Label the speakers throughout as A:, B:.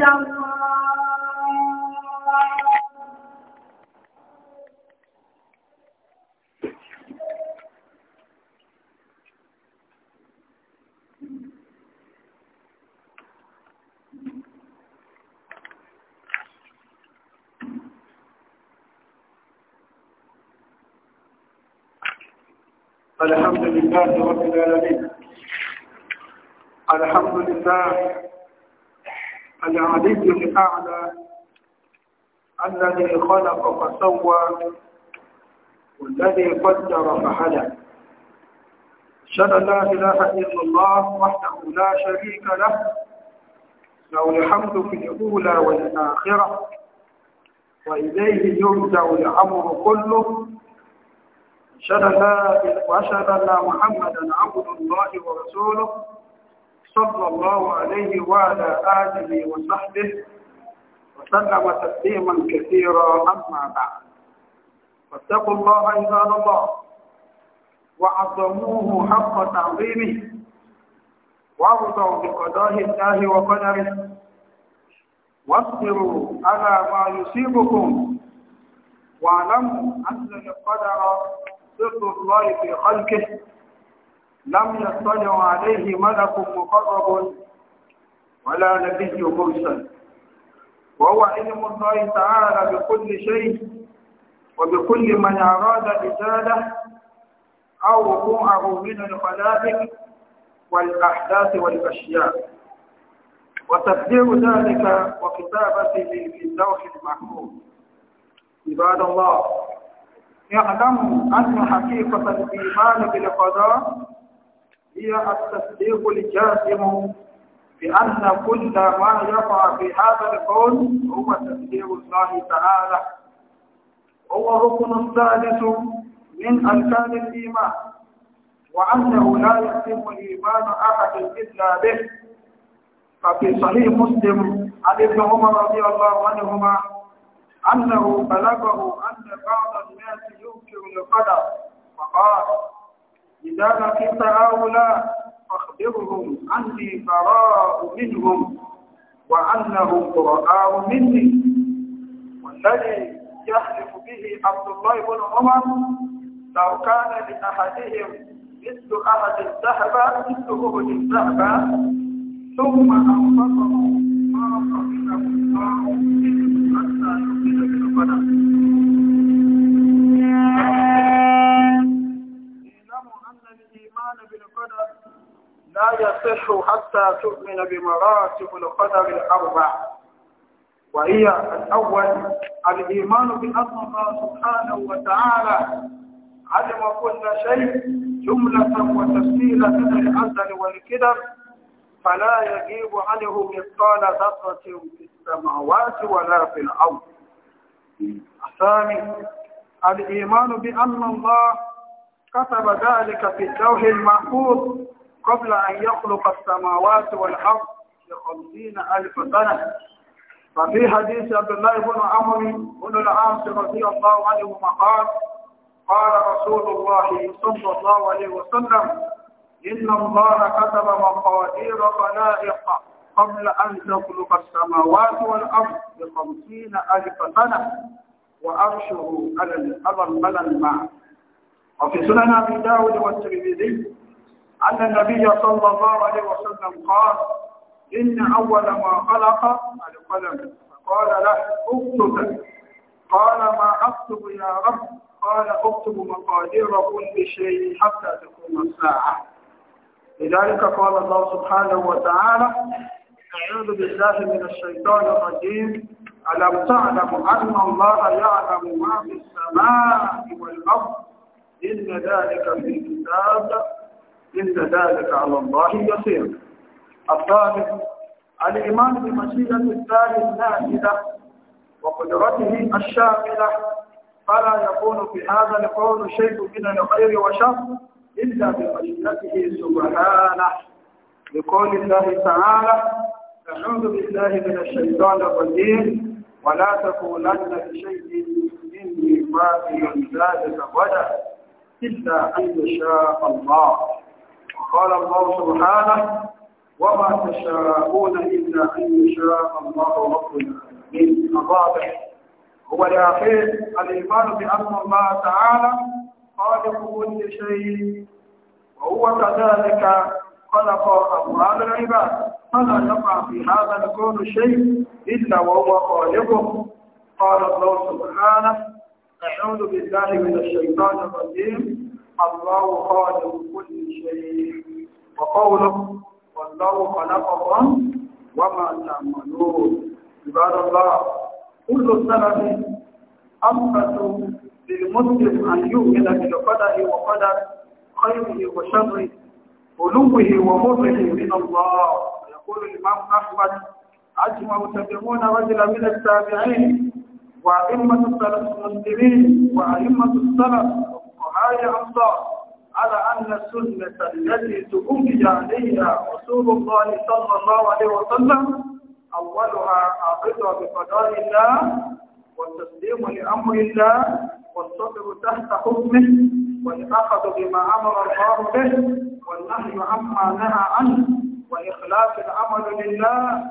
A: الحمد لله رب العالمين الحمد لله العلي الأعلى الذي خلق فسوى والذي قدر فهدى أشهد أن لا إله إلا الله وحده لا شريك له له الحمد في الأولى والآخرة وإليه يرجع الأمر كله أشهد أن لا أن محمدا عبد الله ورسوله صلى الله عليه وعلى آله وصحبه وسلم تسليما كثيرا أما بعد فاتقوا الله عباد الله وعظموه حق تعظيمه وارضوا بقضاء الله وقدره واصبروا على ما يصيبكم واعلموا أن القدر سر الله في خلقه لم يطلع عليه ملك مقرب ولا نبي مرسل وهو علم الله تعالى بكل شيء وبكل من أراد إزالة أو وقوعه من الخلائق والأحداث والأشياء وتقدير ذلك وكتابته في اللوح المحفوظ عباد الله اعلموا أن حقيقة الإيمان بالقضاء هي التصديق الجازم بأن كل ما يقع في هذا الكون هو تصديق الله تعالى هو الركن الثالث من أركان الإيمان وأنه لا يتم الإيمان أحد إلا به ففي صحيح مسلم عن ابن عمر رضي الله عنهما أنه بلغه أن بعض الناس ينكر القدر فقال إذا لقيت هؤلاء فاخبرهم عني براء منهم وأنهم براء مني والذي يحلف به عبد الله بن عمر لو كان لأحدهم مثل أحد الذهب مثل أحد الذهب ثم أنفقه تصح حتى تؤمن بمراتب القدر الأربع وهي الأول الإيمان بأن الله سبحانه وتعالى علم كل شيء جملة وتفصيلا من الأزل والكدر فلا يجيب عنه مثقال ذرة في السماوات ولا في الأرض الثاني الإيمان بأن الله كتب ذلك في اللوح المحفوظ قبل أن يخلق السماوات والأرض بخمسين ألف سنة ففي حديث عبد الله بن عمرو بن العاص رضي الله عنهما قال قال رسول الله صلى الله عليه وسلم إن الله كتب مقادير خلائق قبل أن تخلق السماوات والأرض بخمسين ألف سنة وأرشه على الأرض على الماء وفي سنن أبي داود والترمذي أن النبي صلى الله عليه وسلم قال إن أول ما خلق القلم قال له اكتب قال ما أكتب يا رب قال اكتب مقادير كل شيء حتى تكون الساعة لذلك قال الله سبحانه وتعالى أعوذ بالله من الشيطان الرجيم ألم تعلم أن الله يعلم ما في السماء والأرض إن ذلك في كتاب إن ذلك على الله يسير الثالث الإيمان بمشيئة الله النافذة وقدرته الشاملة فلا يكون في هذا القول شيء من الخير والشر إلا بمشيئته سبحانه لقول الله تعالى أعوذ بالله من الشيطان الرجيم ولا تقولن لشيء إني فاعل ذلك غدا إلا أن يشاء الله قال الله سبحانه وما تشاءون إلا أن يشاء الله رب العالمين الرابع هو الأخير الإيمان بأن الله تعالى خالق كل شيء وهو كذلك خلق أموال العباد فلا يقع في هذا الكون شيء إلا وهو خالقه قال الله سبحانه أعوذ بالله من الشيطان الرجيم الله خالق كل شيء وقوله والله خلقكم وما تعملون عباد الله كل سلف أثبت للمسلم أن يؤمن بالقدر وقدر خيره وشره علوه ومره من الله يقول الإمام أحمد أجمع تبعون رجلا من التابعين وأئمة السلف المسلمين وأئمة السلف وهذه أمطار على أن السنة التي تقوم عليها رسول الله صلى الله عليه وسلم أولها عقدها بقضاء الله والتسليم لأمر الله والصبر تحت حكمه والأخذ بما أمر الله به والنهي عما نهى عنه وإخلاص العمل لله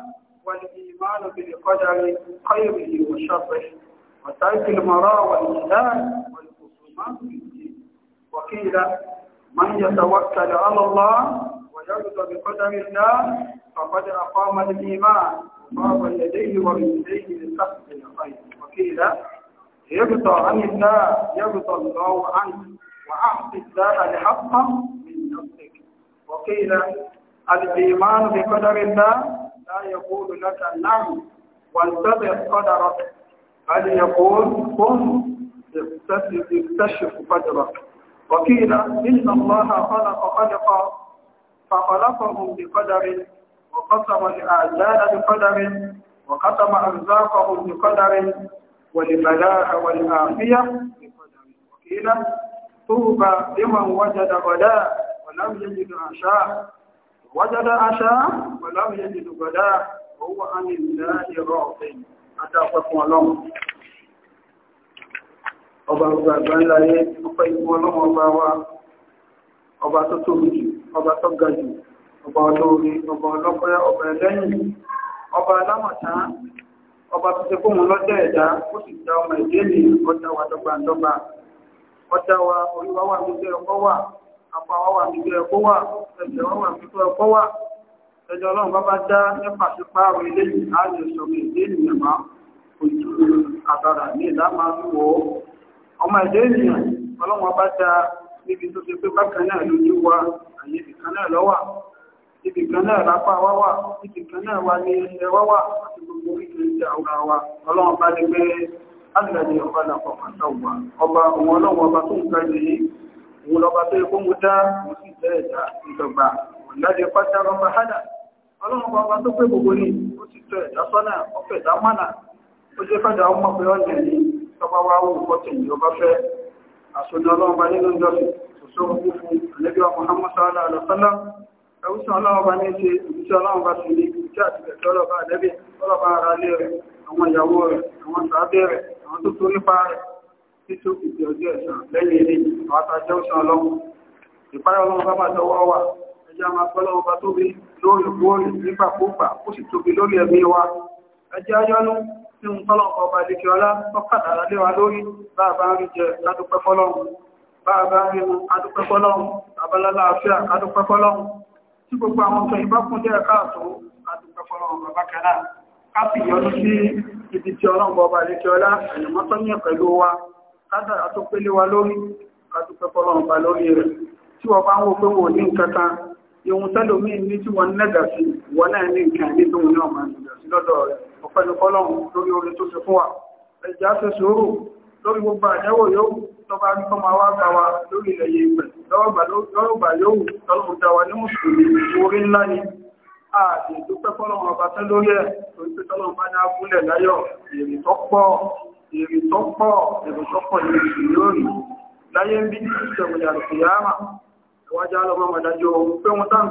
A: والإيمان بالقدر خيره وشره وترك المرأة والإنسان والخصومات وقيل من يتوكل على الله ويرضى بقدر الله فقد أقام الإيمان وضرب يديه ورجليه لسحب الخير وقيل يرضى عن الله يرضى الله عنه وأعط الله لحقه من نفسك وقيل الإيمان بقدر الله لا يقول لك نعم وانتظر قدرك بل يقول قم استشف قدرك وقيل إن الله خلق خلقا فخلقهم بقدر وقسم الأعزال بقدر وقسم أرزاقهم بقدر والبلاء والعافية بقدر وقيل طوبى لمن وجد غداء ولم يجد عشاء وجد عشاء ولم يجد غداء وهو عن الله راض أتى الله ọba gbogbo ńlá yẹ ọpẹ́ ìwọ ọlọ́wọ́ ọba wa ọba tó tóbi jù ọba tó ga jù ọba olóore ọba ọlọ́pẹ́ ọba ẹlẹ́yìn ọba alámọ̀tá ọba tó ṣe fún wọn lọ́jọ́ ẹ̀dá ó sì dá ọmọ ìdí ní ọjà wa dọ́gbandọ́gba ọjà wa orí wa wà níbi ẹ̀kọ́ wà apá wa wà níbi ẹ̀kọ́ wà ẹsẹ̀ wa wà níbi ẹ̀kọ́ wà ẹjọ́ ọlọ́run bá bá dá nípa sípààrọ̀ eléyìí á lè sọ̀rọ̀ ìdí ènìyàn máa kò àtàrà ní ìlà máa ń wọ̀ ọ́ ọmọ ẹ̀dẹ́ ènìyàn ọlọ́wọ́n bá dá níbi tó ṣe pé bákan náà lójú wa àyè ìkan náà lọ́wà ibì kan náà lápá wá wà ibì kan náà wà ní ẹsẹ̀ wá wà àti gbogbo oríkèéríkèé àwòrán wa ọlọ́wọ́n bá ní pé alìlàjì ọba làpọ̀ pàtàkùwà ọba òun ọlọ́wọ́n ọba tó ń ká yìí òun lọ́ba tó yẹ kó mú dá mo sì jẹ́ ẹ̀dá ìjọba òǹdájẹ pátá ọba hádà ọlọ́run bá wá tó pé gbogbo ní ó ti tọ́ ẹ̀dá sọ́nà ọ̀fẹ́ ìdámọ́nà ó jẹ́ fẹ́dà ọmọ pé ọ̀nà ní tọ́pá wá wù kọ́tì ní ọba fẹ́ àṣojú ọlọ́run bá nínú ìjọsìn òṣò kú fún àlẹ́bí wa Muhammad sallallahu alaihi wasallam ẹwùsàn ọlọ́run bá ní ṣe ìbísí ọlọ́run bá sì ní ìbísí àti ẹ̀tọ́ ọlọ́ba àlẹ́bí ọlọ́ba ara lé rẹ̀ àwọn ìyàwó rẹ̀ àwọn sàábẹ́ rẹ̀ àwọn tó tó nípa rẹ̀ títú ìdí ọjọ́ ẹ̀sán lẹ́yìn ilé àwọn àtàjẹ́ òṣàn ọlọ́run ìpáyọ̀ ọlọ́run bá máa tọwọ́ wà ẹjẹ́ a máa gbọ́ lọ́wọ́ bá tóbi lóòrèkóòrè nígbàkúgbà ó sì tóbi lórí ẹ̀mí wa ẹjẹ́ ayọ́nú tí ń tọ́lọ̀ ọba ìdíkẹ́ ọlá tọ́kàtàrà lé wa lórí bàbá ń rí jẹ adúpẹ́ fọ́lọ́run bàbá ń rí mu adúpẹ́ fọ́lọ́run babalálá àfíà adúpẹ́ fọ́lọ́run tí gbogbo àwọn ọ̀tọ̀ ìbákun jẹ́ káàtó adúpẹ́ fọ́lọ́run bàbá kẹ́lá káfí yọnu sí ibi tí ọlọ́run ọba ìdíkẹ́ ọlá ẹ̀yìnmọ́tọ́ ní pẹ̀lú wa kádàrà tó pélé wa lórí adúpẹ́ fọ́lọ́run bá lórí rẹ̀ tí rẹ̀ ọ̀pẹ́lẹ̀kọ́lọ́run lórí orin tó ṣe fún wa ẹjá ṣe sùúrù lórí gbogbo àjẹ́wò yóò tọba ní kọmọ wá bá wa lórí ilẹ̀ yìí pẹ̀ lọ́rọ̀gbà yóò tọ́lọ̀mù dáwà ní mùsùlùmí orí ńlá ni a lè dúpẹ́ fọ́lọ̀mù ọba tẹ́ lórí ẹ̀ torí pé tọ́lọ̀mù bá ní agúnlẹ̀ láyọ̀ èrè tó pọ̀ èrè tó pọ̀ èrè tó pọ̀ ní mùsùlùmí lórí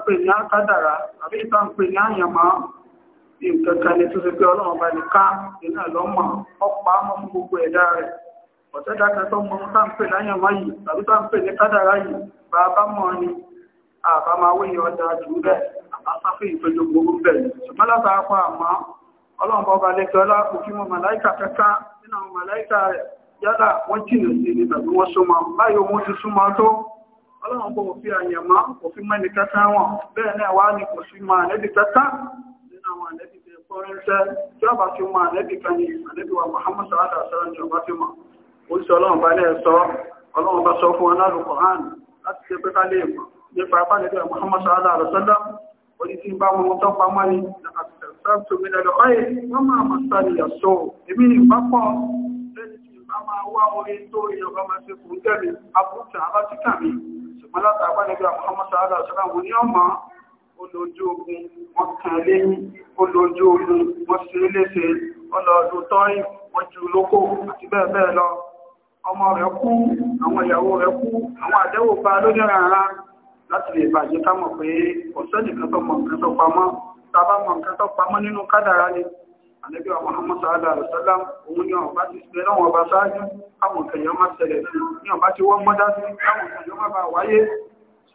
A: pè ní àkádàrá àbí tá pè ní àyàmọ́ nǹkan kan ní tó ṣe pé ọlọ́run bá ní ká iná lọ́mọ ọ̀pá mọ́ fún gbogbo ẹ̀dá rẹ̀ ọ̀tẹ́dá kan tó mọ ohun tá ń pè láyànmọ́ yìí tàbí tá ń pè ní kádàrá yìí bá a bá mọ̀ ni àbá máa wéyìn ọjà jù bẹ́ẹ̀ àbá sáfẹ́ ìpéjọ gbogbo bẹ́ẹ̀ ṣùgbọ́n látara pa àmọ́ ọlọ́run bá ọba lẹ́kẹ́ ọlá kò fí wọn màláìkà kẹta nínú àwọn màláìkà rẹ̀ yálà wọ́n jìnà sí ni tàbí wọ́n súnmọ́ báyìí wọ́n ti súnmọ́ tó ọlọ́run bọ̀ fi àyẹ̀mọ́ kò mẹ́ni kẹta wọn bẹ́ẹ̀ náà wá ní kò sí máa lẹ́bi kẹta àwọn àlẹ́bí tẹ kọ́ rẹ́ńṣẹ́ tí ọba fi mọ àlẹ́bí kan ní àlẹ́bí wa Muhammad sallallahu alaihi wasallam ni ọba fi mọ oṣù ọlọ́run bá lẹ́ẹ̀ sọ ọlọ́run bá sọ fún wọn láàrú Quran láti ṣe pé ká lè mọ̀ nípa apá àlẹ́bí wa Muhammad sallallahu alaihi wasallam orí tí ń bá wọn tó pamọ́ ni àtẹ̀sáàtò mi lẹ́lọ ọ̀yẹ́ wọ́n máa mọ̀ sáré yàtọ̀ èmi ní ìpapọ̀ lẹ́ni tí ìbá máa wá orí tó ìyọ̀bá ọmọ olójú ogun wọ́n kàn lẹ́yìn olójú ogun wọ́n sí léṣe ọlọ́ọ̀dún tọ́yìn wọ́n ju lókò àti bẹ́ẹ̀ bẹ́ẹ̀ lọ ọmọ rẹ̀ kú àwọn ìyàwó rẹ̀ kú àwọn àdẹ́wò bá lóní rárá láti lè bàjẹ́ ká mọ̀ pé ọ̀sẹ́nì kan tó mọ̀ nǹkan tó pamọ́ tá bá mọ̀ nǹkan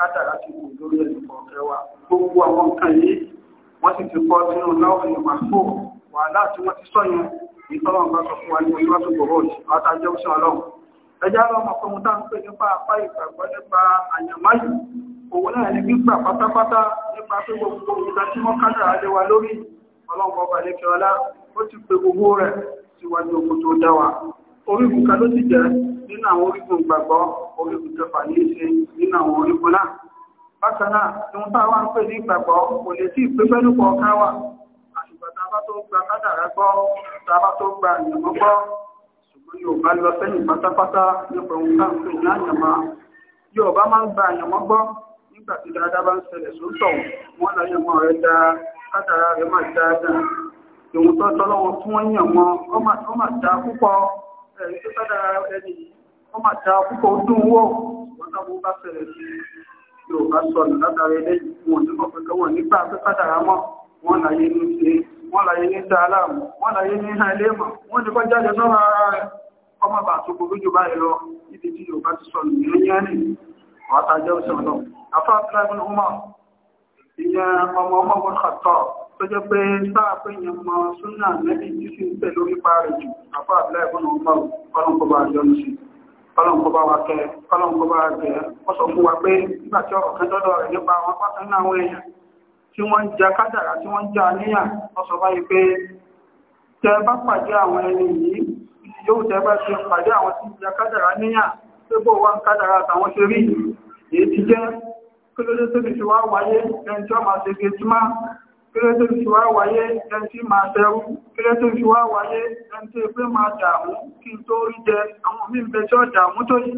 A: kátàrà ti kù lórí ẹ̀sìn kọ̀ọ̀kẹ́ wa gbogbo àwọn nǹkan yìí wọ́n sì ti kọ́ sínú láwọn èèyàn máa fò wàhálà tí wọ́n ti sọ yẹn ìtọ́lọ́run bá sọ fún wa ní ojú wáṣọ gbòòrò àtàjẹ́ òṣèlú ọlọ́run ẹjá lọ́mọ fún un tá ń pè nípa apá ìgbàgbọ́ nípa àyàmáyì òun náà ní gbígbà pátápátá nípa pé gbogbo ìgbà tí wọ́n kájà alé wa lórí ọlọ́pọ̀ ọba lẹ́kẹ́ ọlá ó ti pe gbogbo rẹ̀ síwájú ogun tó dá wa nínú àwọn orígun ìgbàgbọ́ orígun kẹfà ní ṣe nínú àwọn orígun náà bákan náà ohun táwa ń pè ní ìgbàgbọ́ kò lè sí ìpé pẹ́lú kọ̀ọ̀kan wà àṣùgbà tá a bá tó gba kádàrá gbọ́ tá a bá tó gba àyànmọ́ gbọ́ ṣùgbọ́n yóò bá lọ sẹ́yìn pátápátá nípa ohun tá à ń pè ní àyànmọ́ yóò bá máa ń gba àyànmọ́ gbọ́ nígbà tí dáadáa bá ń ṣẹlẹ̀ sóńtọ̀ wọn láyànmọ́ rẹ̀ dáa kádàrá rẹ̀ máa dáadáa ìwọ̀n tó tọ́lọ́wọ́ fún wọ́n yàn wọn ó máa dáa púpọ̀ ẹ̀rí tó kádàrá ẹni wọ́n máa ta púpọ̀ dùn wọ́ wọ́n náà bá fẹ̀rẹ̀ sí yóò bá sọ̀rọ̀ látara ilé wọn nígbà pẹ̀kẹ́ wọn nígbà pẹ́kádàrá mọ́ wọn láyé ní ṣe wọn láyé ní sàálà wọn láyé ní ha ilé mọ̀ wọn ti kọ́ jáde sọ́ra ara rẹ̀ ọmọ bá tó gbogbo jù báyìí lọ níbi tí yóò bá ti sọ̀rọ̀ ní ẹ̀yẹ́ nì wọ́n ta jẹ́ òṣèlú náà afá abúláìbùn ọmọ ìyẹn ọmọ ọmọ wọn kàtọ́ tó jẹ́ pé sáà pé yẹn mọ súnà mẹ́bí tí sì ń tẹ̀ lórí pa rẹ̀ jù afá abúláìbùn ọmọ ọlọ́nkọ́ bá yọ kọlọ̀nkọba wa kẹ kọlọ̀nkọba wa kẹ wọ́n sọ fún wa pé nígbà tí ọ̀rọ̀ kẹjọ́dọ̀ rẹ̀ nípa àwọn pátá ní àwọn èèyàn tí wọ́n ń ja kádàrá tí wọ́n ń ja níyà wọ́n sọ báyìí pé tẹ bá pàdé àwọn ẹni yìí yóò tẹ bá ṣe pàdé àwọn tí ń ja kádàrá níyà pé bó wá ń kádàrá àtàwọn ṣe rí èyí ti jẹ́ kí ló dé tóbi ti wá wáyé ẹni tí wọ́n máa ṣe gẹ̀ẹ́júmá kílé tó fi wá wáyé ẹn tí máa tẹrú kílé tó fi wá wáyé ẹn tí pé máa dààmú kí n tó rí jẹ àwọn míì bẹ tí ó dààmú tó yìí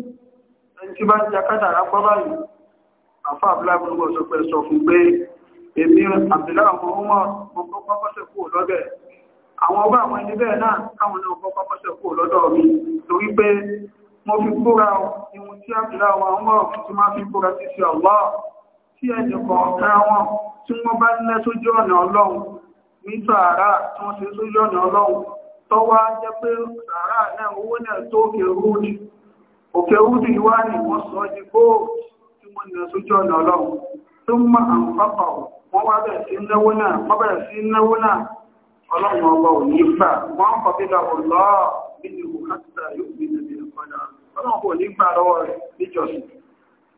A: ẹn tí bá ń jẹ kádàrá pọ́ báyìí àfa àbúlá gbogbo sọ pé sọ fún pé èmi àbílá àwọn ọmọ mo kọ́kọ́ pọ́sẹ̀ kúrò lọ́bẹ̀ àwọn ọba àwọn ẹni bẹ́ẹ̀ náà káwọn náà kọ́kọ́ pọ́sẹ̀ kúrò lọ́dọ̀ mi torí pé mo fi kóra ohun tí àbílá àwọn ọmọ tí máa fi kóra sí sí ọ̀lọ́ tí ẹnìkọ̀ọ̀kan wọn tí wọ́n bá lẹ́ sójú ọ̀nà ọlọ́run ara sàárà tí wọ́n sì sójú ọ̀nà ọlọ́run tó jẹ́ pé náà owó náà tó òkè rúdì wá ní wọ́n sọ di góòtù tí wọ́n lẹ́ sójú ọ̀nà ọlọ́run tó mọ́ wọ́n wá sí náwó náà ọlọ́run ò ní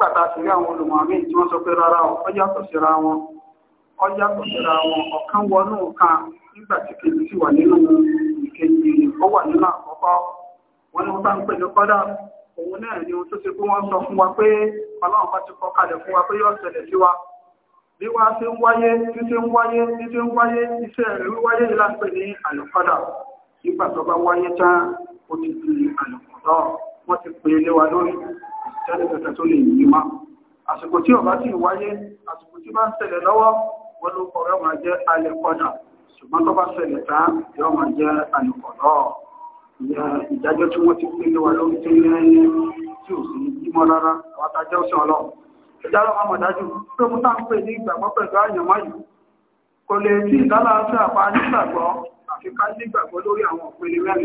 A: gbàtà sí àwọn olùmọ̀mí tí wọ́n sọ pé rárá ọ yàtọ̀ síra wọn ọ yàtọ̀ síra wọn ọ̀kan wọnú kan nígbà tí kejì sì wà nínú ìkejì ó wà nínú àkọ́kọ́ wọn ni wọ́n bá ń pè ní kọ́dà òun náà ni ohun tó ṣe pé wọ́n sọ fún wa pé ọlọ́run bá ti kọ kalẹ̀ fún wa pé yóò ṣẹlẹ̀ sí wa bí wá ṣe ń wáyé tí ṣe ń wáyé tí ṣe ń wáyé iṣẹ́ rẹ̀ wíwáyé yìí láti pè ní àlùkọ́dà nígbà tó bá wáyé tán ó ti di àlùkọ́dà wọ́n ti pè é lé wa lórí jáde kẹta tó lè yí má àsìkò tí ọba sì wáyé àsìkò tí bá ń ṣẹlẹ̀ lọ́wọ́ wọn ló kọ̀ yọ́mà jẹ́ alẹ́kọ̀dà ṣùgbọ́n tó bá ṣẹlẹ̀ tán yọ́mà jẹ́ alẹ́kọ̀dọ́ ìdájọ́ tí wọ́n ti pín lé wa lórí tí ó sì yí mọ́ rárá àwọn àtàjẹ́ òṣèlú ọlọ́run ìdálọ́ ọmọ ìdájú tó mú tá ń pè ní ìgbàgbọ́ pẹ̀lú àyànmọ́ yìí kò lè tí ìdálọ́ àti àpá nígbàgbọ́ àfikà nígbàgbọ́ lórí àwọn òpin ìrẹ́ni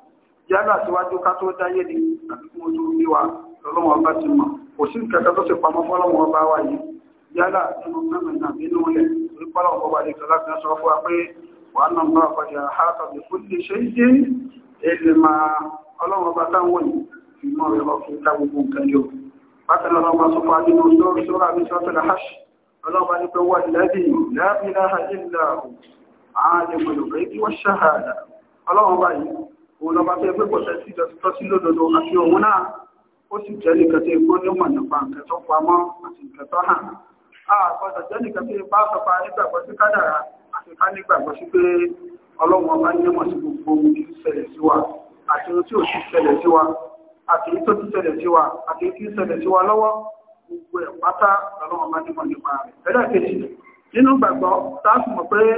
A: yálà síwájú ká tó dáyé ni àti fún ojú orí wa lọ́lọ́wọ́n ọba ti mọ̀ kò sí nǹkan kan tó ṣe pamọ́ fọ́lọ́wọ́n ọba wa yìí yálà nínú mẹ́mẹ́ta nínú ilẹ̀ orí fọ́lọ́wọ́n ọba lè tọ́lá fi sọ fún wa pé wàá nà bá ọkọ̀dì àhátọ̀ bí fún lè ṣe yé èlè máa ọlọ́wọ́n ọba táwọn yìí fi mọ́ rẹ̀ lọ fún ká gbogbo nǹkan yóò bákan náà lọ́wọ́ sọ fún wa nínú sọ́rọ̀ sọ́rọ̀ òun lọ́ba tó ẹgbẹ́ pọ̀ṣẹ́ sí ìjọsítọ́ sí lódodo àti òun náà ó sì jẹ́ nìkan tó epo ní mọ̀ nípa nǹkan tó pamọ́ àti nǹkan tó hàn á gbọ́dọ̀ jẹ́ nìkan tó ipá sọpa nígbàgbọ́ sí kádàrá àti ká nígbàgbọ́ sí pé ọlọ́run ọba ní mọ̀ sí gbogbo ohun tí ń ṣẹlẹ̀ sí wa àti ohun tí ò sì ṣẹlẹ̀ sí wa àti èyí tó ti ṣẹlẹ̀ sí wa àti èyí tí ń ṣẹlẹ̀ sí wa lọ́wọ́ gbogbo ẹ̀ pátá ọlọ́run ọba ní mọ̀ nípa rẹ̀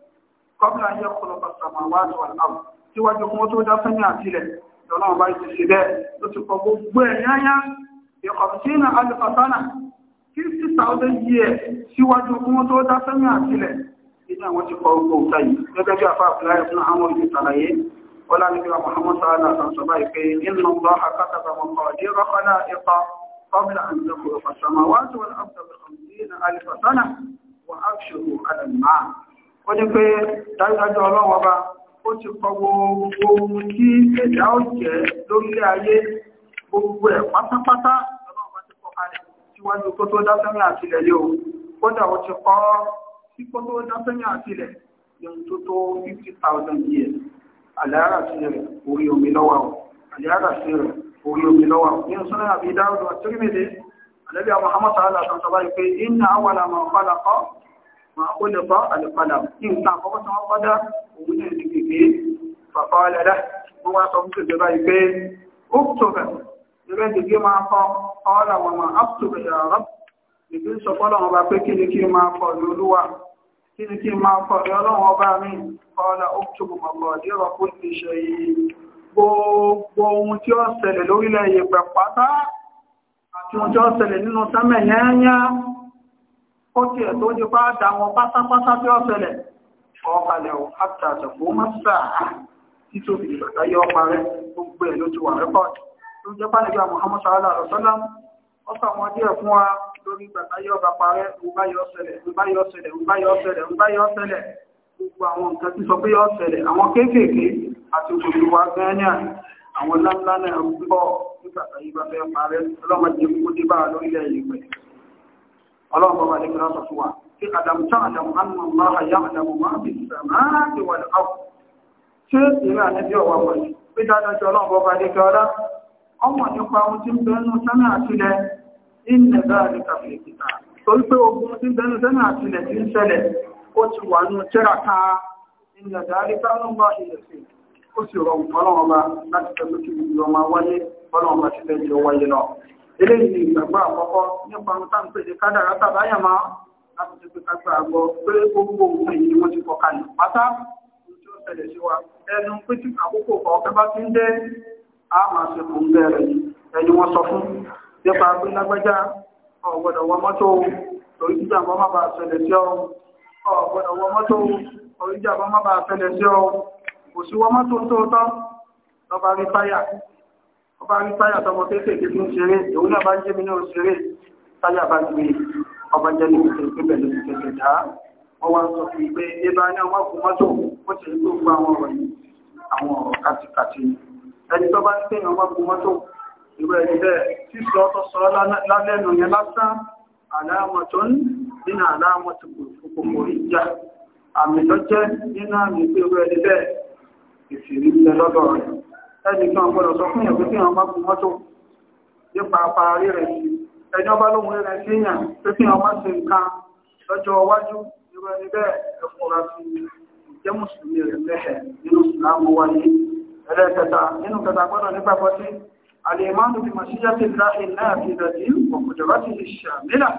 A: kọ́bùlà yẹ kọlọ̀bà sàmàwàtò àláwù síwájú kún tó dá sẹ́yìn àtìlẹ̀ lọ́nà ọba ti ṣe bẹ́ẹ̀ ló ti kọ gbogbo ẹ̀ yányá ìkọ̀sínà alifasana 50,000 years síwájú kún tó dá sẹ́yìn àtìlẹ̀ nínú àwọn ti kọ gbogbo òta yìí gẹ́gẹ́ bí afá àfúláyé fún àwọn ìlú sàlàyé wọ́n ní wa Muhammad sàlá sàǹsọ̀bá ìpé inú ọgbà akátàbà mọ̀kọ̀ ní rọ́kọ́lá ipa kọ́bùlà àti ìjọkùrọ̀ fàṣàmà wájú wọn àbùdàbà 50,000 alifasana wọ́n á ṣòro alàmà ó ní pé dájúdájú ọlọ́wọ́ bá ó ti kọ gbogbo ohun tí ẹ̀dá ó jẹ́ lórílẹ̀ ayé gbogbo ẹ̀ pátápátá ọlọ́wọ́ bá ti kọ kalẹ̀ síwájú kó tó dá sẹ́yìn àtìlẹ̀ yìí o kódà ó ti kọ́ sí kó tó dá sẹ́yìn àtìlẹ̀ yẹn tó tó fifty thousand years àlàyára sí rẹ̀ orí omi lọ́wọ́ àlàyára sí rẹ̀ orí omi lọ́wọ́ yẹn sọ́nà àbí dáhùn àtúrímẹ̀lẹ́ àlẹ́bíà Muhammad sallallahu alaihi wa sọ inna awwala ma olùkọ́ àlùkọ́là nǹkan àkọ́kọ́ tí wọ́n kọ́dá òun ní ìdí kèké bàbá ọlẹ́dá wọ́n wá sọ fún kèké báyìí pé ókùtòbẹ̀ ìrẹ́ dìgbé máa kọ́ ọ́ọ́là wọn máa ápùtòbẹ̀ yàrá ìbí sọ fọ́lọ́ wọn bá pé kí ni kí n máa kọ́ ní olúwa kí ni kí n máa kọ́ ní ọlọ́run ọba mi ọ́ọ́là ókùtòbẹ̀ mọ̀kọ́ ìdíwọ̀ kó ti ṣe gbogbo ohun tí ó ṣẹlẹ̀ lórílẹ̀ yẹ̀pẹ̀ pátá àti ohun tí ó ṣẹlẹ̀ nínú sámẹ̀ yányá ó ti ẹ̀ tó di pa dà wọn pátápátá tí ọ̀fẹ́lẹ̀ ṣẹlẹ̀ ọ̀pàlẹ̀ ò hátà àjọ̀kú mọ́sà títóbi ìgbàgbá yọ tó gbogbo ẹ̀ ló wà rẹ́pọ̀t ló jẹ́ pálẹ̀ àwọn díẹ̀ fún wa lórí ìgbàgbá yọ parẹ́ àwọn ń bọ̀ parẹ́ ọlọ́mọdé ọlọ́run bọ́ba ní kíra sọ fún wa kí àdàmú tán àdàmú àmọ́ máa àyà àdàmú máa bí sàmá ti wà lọ́wọ́ ṣé ìrìn àtẹ́bí ọ̀wà wọ̀ ní pé dáadáa jọ ọlọ́run bọ́ba ní kíra ọlá ọmọ nípa ohun tí ń bẹnu sẹ́mi àtìlẹ̀ ìnẹ̀ dáa ní kàfẹ́ ìkìta torí pé ogun tí ń bẹnu sẹ́mi àtìlẹ̀ ti ń ṣẹlẹ̀ ó ti wà nù tẹ́ra ká ìnẹ̀ dáa ní káwọn ọmọ ilẹ̀ sí ó sì rọrùn ọlọ́run ọba láti tẹ́lú kí ìlú ọmọ wáyé ọlọ́run ọba ti fẹ́ jẹ́ wáyé náà eléyìí ni ìgbàgbọ́ àkọ́kọ́ nípa ń tàn pé kádàrá tàbáyà máa láti ti pé kágbà àgbọ̀ pé gbogbo nǹkan yìí wọ́n ti kọ kalẹ̀ pátá tí ó sí wa ẹnu pé tí àkókò bá ti ń dé a máa ṣe kò ń bẹ̀rẹ̀ ẹni wọ́n sọ fún nípa pé lágbájá ọ̀gbọ̀dọ̀ wọ mọ́tò bọ́ má ṣẹlẹ̀ sí ọ ọba ní táyà tọmọ kéékèèké tó ń ṣeré òun náà bá ń jẹ́ mi náà ṣeré táyà bá gbé ọba jẹ́ ní ìpínlẹ̀ ìpínlẹ̀ lórí kẹsẹ̀ dá wọ́n wá sọ fún pé eba ní ọmọ kò mọ́tò ó ti tó gba àwọn ọ̀rọ̀ yìí àwọn ọ̀rọ̀ kàtìkàtì ẹni tó bá ń pè ní ọmọ kò mọ́tò ìwé ẹni bẹ́ẹ̀ sísọ tó sọ lálẹ́nu yẹn lásán àlàámọ̀tún nínú àlàámọ̀tún kòkòrò ìjà àmì lọ́jẹ́ nínú àmì pé ẹni bẹ́ẹ̀ ìfìrí ń rẹ̀ ẹni kan gbọ́dọ̀ sọ fún ìyàwó tí wọ́n má gùn mọ́tò nípa parí rẹ̀ sí ẹjọ́ bá lóhun rẹ̀ sí èèyàn pé kí wọ́n má ṣe nǹkan lọ́jọ́ iwájú irú ẹni bẹ́ẹ̀ ẹ̀fúnra sí ìjẹ́ mùsùlùmí rẹ̀ lẹ́sẹ̀ nínú ìsìlámù wáyé ẹlẹ́ẹ̀kẹta nínú kẹta gbọ́dọ̀ nígbàgbọ́ sí àlèmánù bí màṣíyàtì láì náà fi dàjí òkùnjọba ti lè ṣàmìlà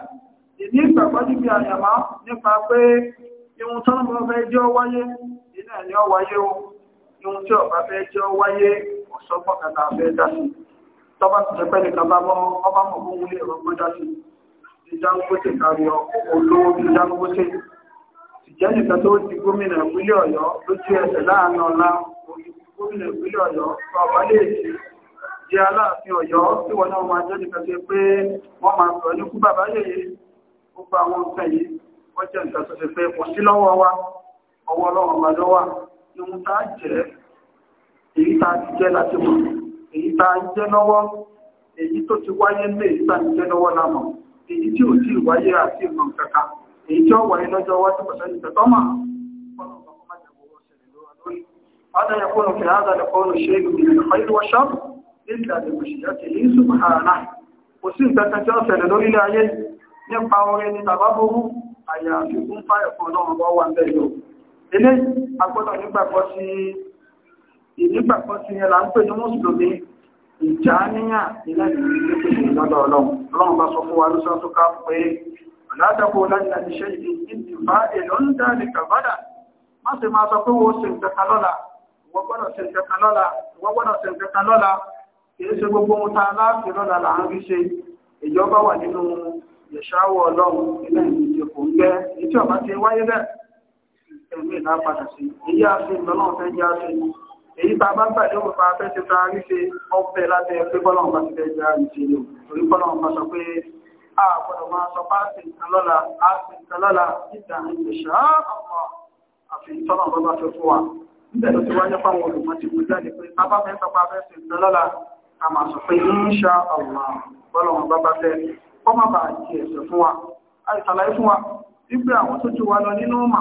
A: ìní ìgbàgbọ́ níbi àyàmá nípa pé ihun tọ́nà mọ́ fẹ́ jẹ́ wáyé ìní ẹ̀ ihun tí ọba fẹ́ jẹ́ ọ wáyé ọ̀sọ́gbọ̀n kàtà fẹ́ dá sí tọ́ba ti jẹ́ pẹ́lú kan bá mọ́ ọba mọ̀ fún wúlé ẹ̀rọ gbọ́n dá sí ti Dangote kárí olówó bí Dangote ti jẹ́ nìkan tó di gómìnà ìpínlẹ̀ Ọ̀yọ́ lójú ẹsẹ̀ láàrin ọ̀la gómìnà ìpínlẹ̀ Ọ̀yọ́ ọba lè ti jẹ́ aláàfin Ọ̀yọ́ tí wọ́n náà máa jẹ́ nìkan ohun tá a jẹ́ èyí tá a ti jẹ́ láti mọ̀ èyí tá a jẹ́ lọ́wọ́ èyí tó ti wáyé lé èyí tá a ti jẹ́ lọ́wọ́ lámọ̀ èyí tí ò tí ì wáyé àti ìmọ̀ kankan èyí tí ó wáyé lọ́jọ́ wájú pẹ̀lú ìtẹ̀tọ́mọ̀ هذا يكون في هذا لقول الشيء من الخير والشر إلا لمشيئته سبحانه وسيد تتجاوز لدول العيل nípa orin ní tàbábòrú àyàfi fún fáyẹ̀kọ́ náà wọ́n wà ń bẹ̀rẹ̀ ilé agbọ́dọ̀ nígbàgbọ́ sí ìnígbàgbọ́ sí yẹn là ń pè ní mùsùlùmí ìjà níyàn nílẹ̀ ìgbésẹ̀ lọ́dọ̀ ọlọ́run ọlọ́run bá sọ fún wa lọ́sọ́ tó ká pé ọ̀làdàpọ̀ láti ṣe ìdí bá èlò ń dá ní kàbádà má sì máa sọ pé wọ́n ṣe nǹkan lọ́la wọ́n gbọ́dọ̀ ṣe nǹkan lọ́la wọ́n gbọ́dọ̀ ṣe nǹkan lọ́la kìí ṣe gbogbo ohun tá a láti lọ́la là ń rí ṣe ìjọba wà nínú ìṣàwọ̀ ọlọ́run nílẹ̀ ìdíje kò ń gbẹ́ èyí ti wáyé bẹ́ẹ̀ ẹ̀mí ìlà padà sí èyí àṣẹ ìlọ́nà ọ̀fẹ́ jẹ́ àṣẹ èyí tá a bá gbàdé òun pa afẹ́ ti ta rí ṣe ọ̀fẹ́ láti ẹ pé bọ́lá ọ̀pá ti fẹ́ jẹ́ àrìṣe lò torí bọ́lá ọ̀pá sọ pé a gbọ́dọ̀ máa sọ pé àṣẹ nǹkan lọ́la àṣẹ nǹkan lọ́la ìdá ìgbésà ọ̀pọ̀ àfi tọ́nà bọ́ bá fẹ́ fún wa níbẹ̀ ló ti wáyé fáwọn olùmọ̀ ti mú jáde pé a bá fẹ́ sọ pé afẹ́ ti nǹkan lọ́la a máa sọ pé insha Allah bọ́lá ọ̀pá bá fẹ́ kọ́ má bàa di ẹ̀sẹ̀ fún wa àìsàlàyé fún wa wípé àwọn tó ju wa lọ nínú mà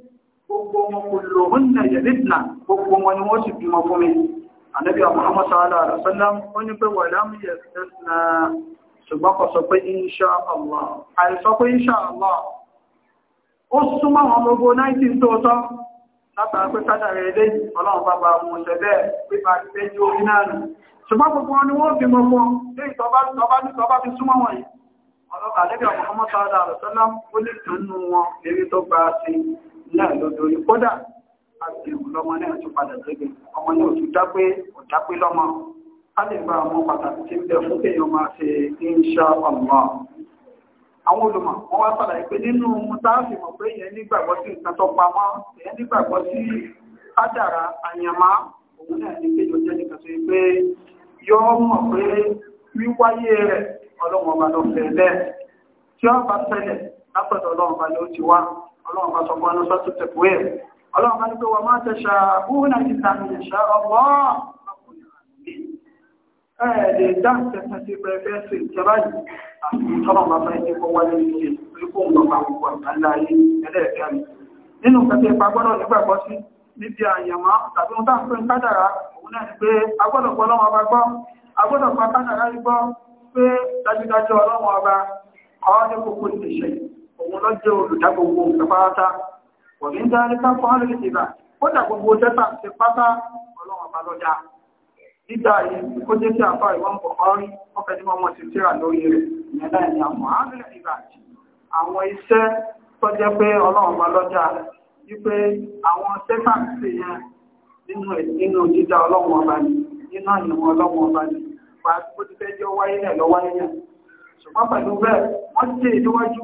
A: gbogbo wọn kò lò hún nà yẹ̀lìtìnà gbogbo wọn ni wọ́n sì bímọ fún mi ànábì Muhammad sallallahu alaihi wasallam ó ní pé wà láàmú yẹ̀ tẹ́sìnà ṣùgbọ́n kò sọ pé insha Allah àìsọ pé insha Allah ó súnmọ́ àwọn gbogbo 19 tó tọ́ látara pé kádàrẹ̀ ilé ọlọ́run bàbá mú ṣẹ bẹ́ẹ̀ pé bá ti fẹ́ jí orí náà lè tún nù wọn lérí tó gba sí náà ló dorí kódà àgbèrò lọmọ náà tún padà débi ọmọ náà tún dápé ọ̀dápé lọ́mọ a lè bá àwọn pàtàkì tí ń bẹ fún kéèyàn máa ṣe insha Allah àwọn olùmọ̀ wọ́n wá sàlàyé pé nínú mùtáàfì mọ̀ pé èèyàn nígbàgbọ́ sí nǹkan tó pamọ́ èèyàn nígbàgbọ́ sí kádàrá àyànmá òun náà ní pé yóò jẹ́ nìkan tó yẹ pé yóò mọ̀ pé wíwáyé rẹ̀ ọlọ́run ọba lọ fẹ́ bẹ́ẹ̀ tí ó bá ṣẹlẹ̀ látọ̀dọ̀ ọlọ́run ọba ló ti wá ọlọ́run bá sọ fún anúṣọ́ tó tẹ̀kú ẹ̀ ọlọ́run bá ní pé wọ́n máa tẹ̀ ṣá búrú náà ti sàmì ìṣá ọwọ́ ẹ̀ẹ́dẹ̀ dáǹtẹ̀ tẹ̀sí pẹ̀fẹ́ sí ìjọba yìí àti ìtọ́nà bá fẹ́ ní kó wáyé ní ṣe torí kó ń lọ bá gbogbo àgbáńlá ayé ẹlẹ́ẹ̀kẹ́ mi nínú kẹtẹ ipa gbọ́dọ̀ agbọ́dọ̀ pọ̀ ọlọ́run gbọ́ pé dájúdájú ọlọ́run ọba ọ̀ọ́ ní kókó ìṣẹ̀yìn òun lọ́jọ́ olùdá gbogbo ìpáátá wọ̀n ní dáríká fún àrùn ìdìbà kódà gbogbo tẹ́tà ti pátá ọlọ́run ọba lọ́jà dídá yìí kó jẹ́ sí àfá ìwọ̀n pọ̀pọ̀rí ọkẹ̀ tí wọ́n mọ̀ sí tíra lórí rẹ̀ ni àwọn àrùn ìdìbà àwọn iṣẹ́ tó jẹ́ pé ọlọ́run ọba lọ́jà wípé àwọn tẹ́tà ti yẹn nínú nínú dídá ọlọ́run ọba ni nínú àyẹ̀wò ọlọ́run ọba ni pàápàá bó ti fẹ́ jẹ́ wáyé náà lọ́wọ́ yẹn ṣùgbọ́n pẹ̀lú bẹ́ẹ̀ wọ́n ti ìdíwájú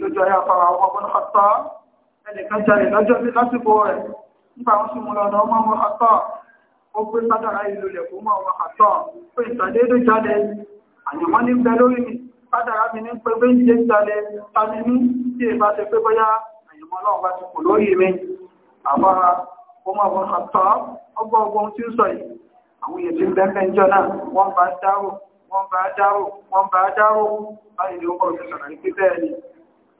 A: lójú ayé afárá ọmọ ọgbọ́n kàtà ẹnìkan jáde lọ́jọ́ bí lásìkò rẹ̀ nípa wọn sì mú lọ́nà ọmọ ọmọ kàtà ó gbé sádàrá ìlú rẹ̀ fún ọmọ kàtà pé ìtàdédé jáde àyẹ̀wọ́n ní bẹ lórí mi mi ní pé ń jáde tani ní tí pé bóyá àyẹ̀wọ́n náà bá ti lórí mi àbára ọmọ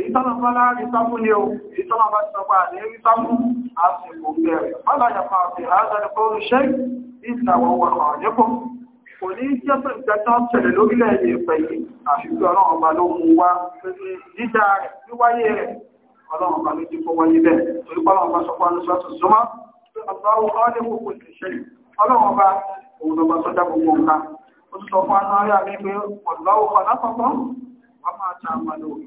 A: èyí tọ́nà bá láàrin sámú ní o èyí tọ́nà bá ti sọpá àdérí sámú àsìkò bẹ̀rẹ̀ fọ́láyà máa fi àádọ́rẹ̀ fún oríṣẹ́ ìtàwọ̀ wọ̀rọ̀ nípò kò ní jẹ́ pé ìjẹta tẹ̀lẹ̀ lórílẹ̀ èdè pẹ̀lú àfikún ọlọ́run ọba ló mú wá dídá rẹ̀ wíwáyé rẹ̀ ọlọ́run ọba ló ti kó wáyé bẹ́ẹ̀ torí pọ́lọ́run sọ fún anúṣọ́ tó pé ọ̀lọ́run ọba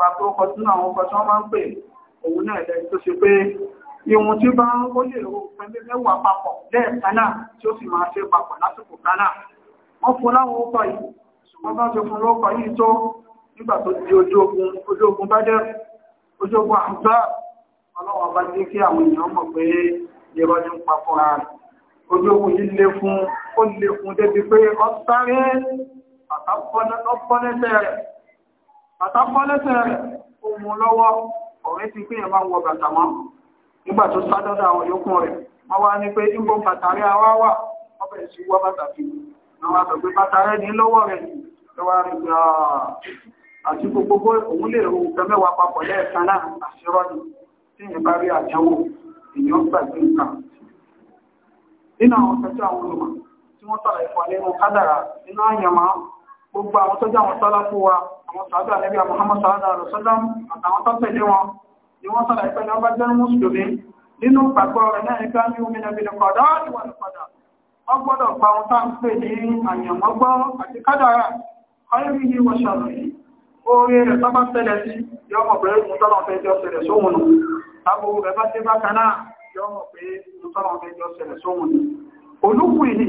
A: pa tó kọ sínú àwọn ọkọ̀ tí wọ́n máa ń pè òun náà lẹ́yìn tó ṣe pé ìwọ̀n tí bá ó lè ro pẹ̀lú mẹ́wàá papọ̀ lẹ́ẹ̀kan tí ó sì máa ṣe papọ̀ lásìkò kan wọ́n fún láwọn ọkọ̀ yìí ṣùgbọ́n bá bàtà bọ́ lẹ́sẹ̀ rẹ̀ òun lọ́wọ́ ọ̀rẹ́ ti pé ẹ̀mà wọ bàtà mọ́ nígbà tó sádọ́dọ̀ àwọn yòókùn rẹ̀ wọ́n wá ní pé ìbò bàtà rẹ̀ àwa wà wọ́n bẹ̀rẹ̀ sí wọ́ bàtà fi àwọn àgbẹ̀ bàtà rẹ̀ ní lọ́wọ́ rẹ̀ lọ́wọ́ rẹ̀ gbà àti gbogbo òun lè ro nǹkan mẹ́wàá papọ̀ lẹ́ẹ̀kan náà àṣírọ́ ni tí ìyẹn bá rí àjẹwò èèyàn gbàgbé nǹkan nínú àwọn ọ̀sẹ̀ tí àwọn wọ́n sọ̀rọ̀ ìfọ̀ nínú kádàrà nínú àyàmọ́ gbogbo àwọn tó jẹ́ àwọn sálàfù wa àwọn sàádọ́ àlẹ́bí Muhammad sallallahu alaihi wasallam àtàwọn ni wọ́n sọ̀rọ̀ ìpẹ́ ní ọba jẹ́ mùsùlùmí nínú gbàgbọ́ rẹ̀ náà nípa ní omi nàbí ní kọ̀dọ̀ ìwà ní padà wọ́n gbọ́dọ̀ pa àwọn tá ń pè ní àyànmọ́gbọ́ àti kádàrà yìí wọ́n rẹ̀ sí pé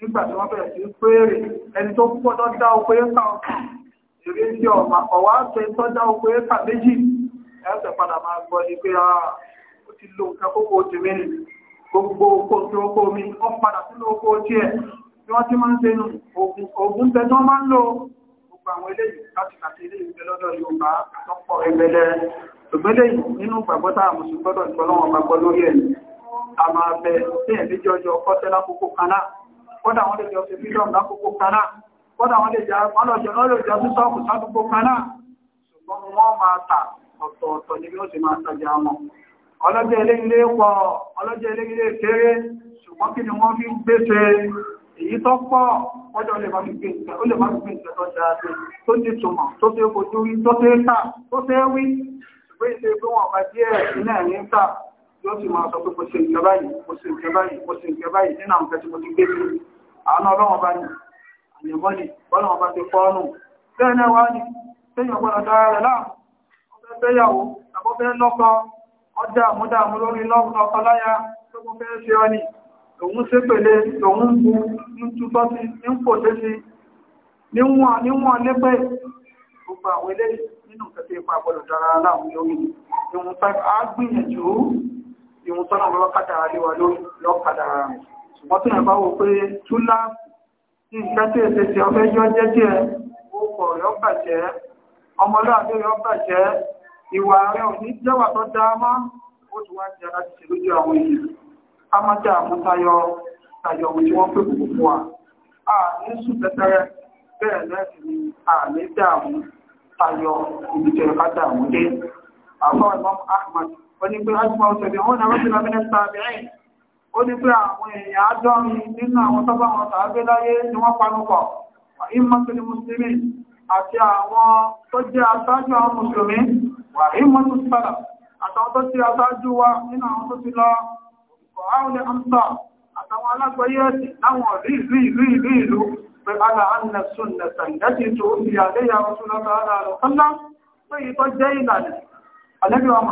A: nígbà tí wọ́n bẹ̀rẹ̀ sí péèrè ẹni tó púpọ̀ tó dá oko éka èrè tí ọ̀mà ọ̀wá ṣe tó dá oko éka méjì ẹ̀ẹ́sẹ̀ padà máa gbọ́ ni pé ah, ó ti lo nǹkan kókó tèmi nì gbogbo oko tí oko mi ó padà sínú oko tiẹ̀ bí wọ́n ti máa ń ṣe nù ògùn tẹ tó máa ń lo gbogbo àwọn eléyìí láti kàtí ilé ìgbẹ́ lọ́dọ̀ Yorùbá lọ́pọ̀ ẹgbẹ́lẹ́ ògbẹ́lẹ́ nínú gbàgbọ́ta kódà wọ́n lè jọ sí freedom kaná kódà wọ́n lè jọ sí sọ́ọ̀kù sádùúgbò kaná ṣùgbọ́n wọ́n máa tà ọ̀tọ̀ọ̀tọ̀ àánú ọlọ́wọ̀n bá ní àyẹ̀mọ́lì ọlọ́wọ̀n bá ti fọ́ọ̀nù bẹ́ẹ̀ náà wá ní tẹ́yìn ọgbọ́dọ̀ dára rẹ̀ láàmú ọfẹ́ fẹ́yàwó àbọ́fẹ́ lọ́kọ ọjà àmúdàmú lórí lọ́wọ́n ọkọ láyá tó kún fẹ́ ṣe ọni òun ṣe pèlè òun bu ń túbọ́ sí ń pò sí sí níwọ̀n níwọ̀n lépè gbogbo àwọn eléyìí nínú kẹfẹ́ ipa àgbọ̀dọ̀ dára láàmú lórí ìwọ̀n tá a gbìyànjú ìwọ̀n tọ́nà ọlọ́kadà àríwá lórí lọ́kadà rẹ̀ wọ́n tún ẹ̀bá wo pé túlá tí ìṣẹ́ tí èsè tí ọfẹ́ yọ jẹ́jẹ́ ọkọ̀ yọ bàjẹ́ ọmọlúwàbí yọ bàjẹ́ ìwà rẹ̀ ò ní jẹ́wà tó dáa mọ́ ó ti wá jẹ́ láti ṣe lójú àwọn èèyàn a máa jẹ́ àmútayọ tàyọ̀wò tí wọ́n pè kò fún wa a ní sùn tẹ́tẹ́rẹ́ bẹ́ẹ̀ lẹ́sìn ni a lè dààmú tayọ ìbìtẹ̀ ká dààmú dé àwọn Imam Ahmad wọ́n ní pé ajmọ́ ó ní pé àwọn èèyàn àádọ́rin nínú àwọn tọ́bá wọn tàbí láyé ni wọ́n panupọ̀ ìmọ̀tòlì mùsùlùmí àti àwọn tó jẹ́ aṣáájú àwọn mùsùlùmí wà ìmọ̀tò sọ́lá àtàwọn tó ti aṣáájú wa nínú àwọn tó ti lọ ọ̀háùlẹ̀ amsa àtàwọn alágbọ́yé ẹ̀sìn láwọn ìlú pé ala anna sunna sàǹdẹ́tì rasulullah sallallahu alaihi wasallam pé ìtọ́jẹ́ ìlànà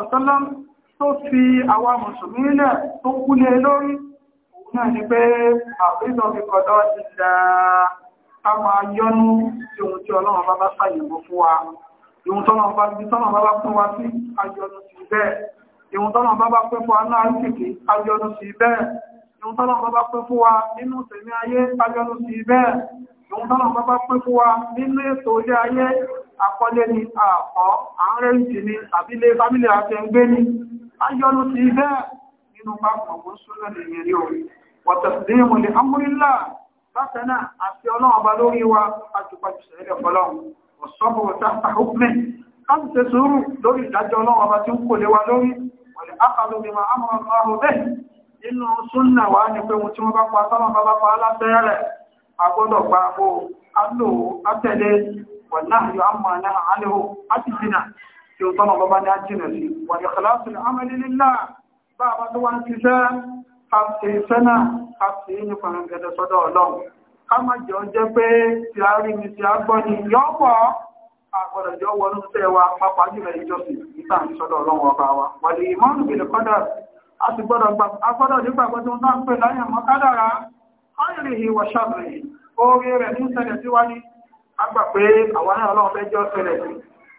A: wasallam tó fi àwọn mùsùlùmí náà tó kú lé lórí náà ni pé àbíjọ fi kọ̀dọ̀ ti dá a máa yọnú tí ohun tí ọlọ́run bá bá sàyẹ̀wò fún wa ìhun tọ́lọ́run bá bí tọ́lọ́run bá bá pín wa sí ayọnu sí bẹ́ẹ̀ ìhun tọ́lọ́run bá bá pín fún wa náà rìkìkì ayọnu sí bẹ́ẹ̀ ìhun tọ́lọ́run bá bá pín fún wa nínú tẹ̀mí ayé ayọnu sí bẹ́ẹ̀ ìhun tọ́lọ́run bá bá pín fún wa nínú ètò ilé ayé àkọlé ni àkọ́ àárẹ̀ ìjì ni àbílẹ̀ fámílì àti ẹgbẹ́ ni ayọ́nú ti bẹ́ẹ̀ nínú pápọ̀kún súnà lè yẹn rí orí wọ̀tọ̀sílẹ̀mù lè amúrílà bákanáà àti ọlọ́ọ̀bá lórí wa pàtùpàtù sẹ́lẹ̀ fọlọ́run ọ̀sọ́bọ̀ tàbí ọkùnmẹ́ lórí wa lórí wọ̀lẹ̀ ákàlù ni ma ámọ̀ tí ó tọ́nà bọ́bá ní ájínà sí wà ní kàlásù ní amẹ́lélélá bá bá tó wá ń ṣiṣẹ́ káàkiri sẹ́nà káàkiri ní pàrẹ̀gẹ̀dẹ̀ sọ́dọ̀ ọlọ́run ká má jọ jẹ́ pé ti a rí mi ti a gbọ́ ni yọ́pọ̀ àgbọ̀dọ̀jọ́ wọnú tẹ́ wa pápá jùlọ ìjọsìn níta ní sọ́dọ̀ ọlọ́run ọba wa wà ní ìmọ̀nù bìlẹ̀ kọ́dà a sì gbọ́dọ̀ nígbàgbọ́ tó ń dá ń pè láyẹ̀ mọ́ kádàrá ọ̀rìn ìwà ṣàbẹ̀rẹ̀ orí rẹ̀ ní sẹ́lẹ̀ síwájú a gbà pé àwọn ọlọ́run fẹ́ jọ́ sẹ́lẹ̀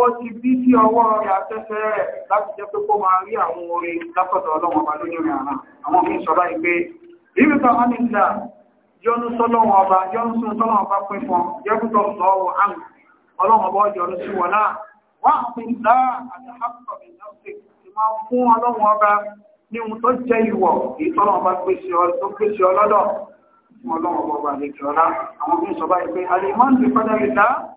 A: ó ti bí sí ọwọ́ rẹ̀ àtẹ́sẹ̀ rẹ̀ láti jẹ́ pé kó máa rí àwọn orin látọ̀dọ̀ ọlọ́wọ́ ọba lórí rẹ̀ àrùn àwọn mí sọ báyìí pé ibi tó wọ́n ní ìlà yọ́nú sọ́lọ́wọ́ ọba yọ́nú sún sọ́lọ́wọ́ ọba pín fún yẹ́kútọ̀ sọ́wọ́ àmì ọlọ́wọ́ ọba yọ́nú sí wọn náà wọ́n àpín ìlà àti àpapọ̀ ìlànà ti máa fún ọlọ́wọ́ ọba ní ohun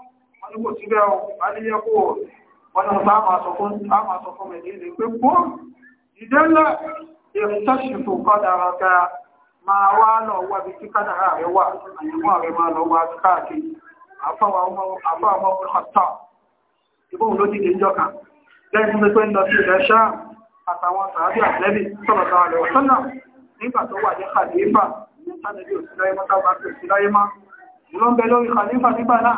A: síbò síbẹ̀ ọ̀ aléyẹ́kò ọ̀nà táàmà sọ fún mẹ̀lẹ́ ilẹ̀ pé pọ́ ìdẹ́lẹ̀ ìrìntẹ́ṣìfò kọ́dára ká máa wá lọ wà bí tí kádàrà rẹ̀ wà àyẹ̀mọ́ rẹ̀ máa lọ wà káàkiri àfáwà ọmọ ọ̀tọ̀ ìbóhùn ló dìde ìjọka lẹ́yìn pé ń lọ sí ilẹ̀ ṣáà àtàwọn tàbí àtẹ́lì sọ̀rọ̀ta rẹ̀ ọ̀tọ́nà nígbà tó wà ní khalifa ní sánẹ́bí òsìláyé mọ́tàbá sí òsìláyé má ìlọ́mbẹ lórí khalifa nígbà náà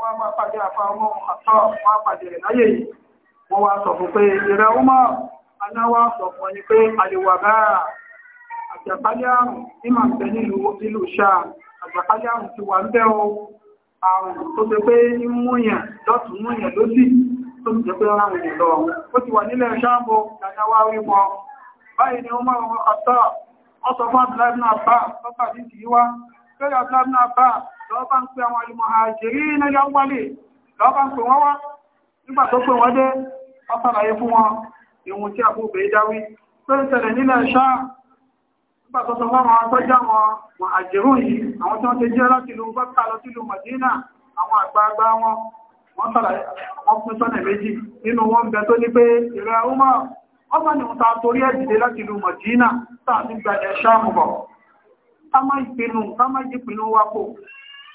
A: wọ́n máa pàdé àfà ọmọ àtọ́ wọ́n pàdé rẹ̀ láyé yìí wọ́n wá sọ fún pé ìrẹ́ ọmọ aláwọ̀ sọ fún ẹni pé àlèwà bá àjàkálẹ̀ àrùn ní màá bẹ nílùú ìlú sáà àjàkálẹ̀ àrùn ti wà ń bẹ́ o àrùn tó ṣe pé ń múyàn lọ́tún múyàn lósì tó ti jẹ́ pé ọ̀ràn òyìn lọ ó ti wà lọ́ọ́bá ń pè àwọn alìmọ̀hàjìrí iná yọ wálé lọ́ọ́bá ń pè wọ́n wá nígbà tó pè wọ́n dé ọ́sàlàyé fún wọn ìwọ̀n tí àbúgbé dáwí pé ìṣẹ̀lẹ̀ nílẹ̀ ṣáà nígbà tó sọ fáwọn atọ́já wọn mọ̀hàjìrú yìí àwọn tí wọ́n ti jẹ́ láti lu bọ́ta lọ sílùú Mádínà àwọn àgbààgbà wọn wọ́n sàlàyé wọ́n pín sọ́nà méjì nínú wọn bẹ tó ní pé ìrẹ́ ọmọ ta torí ẹ̀ dìde láti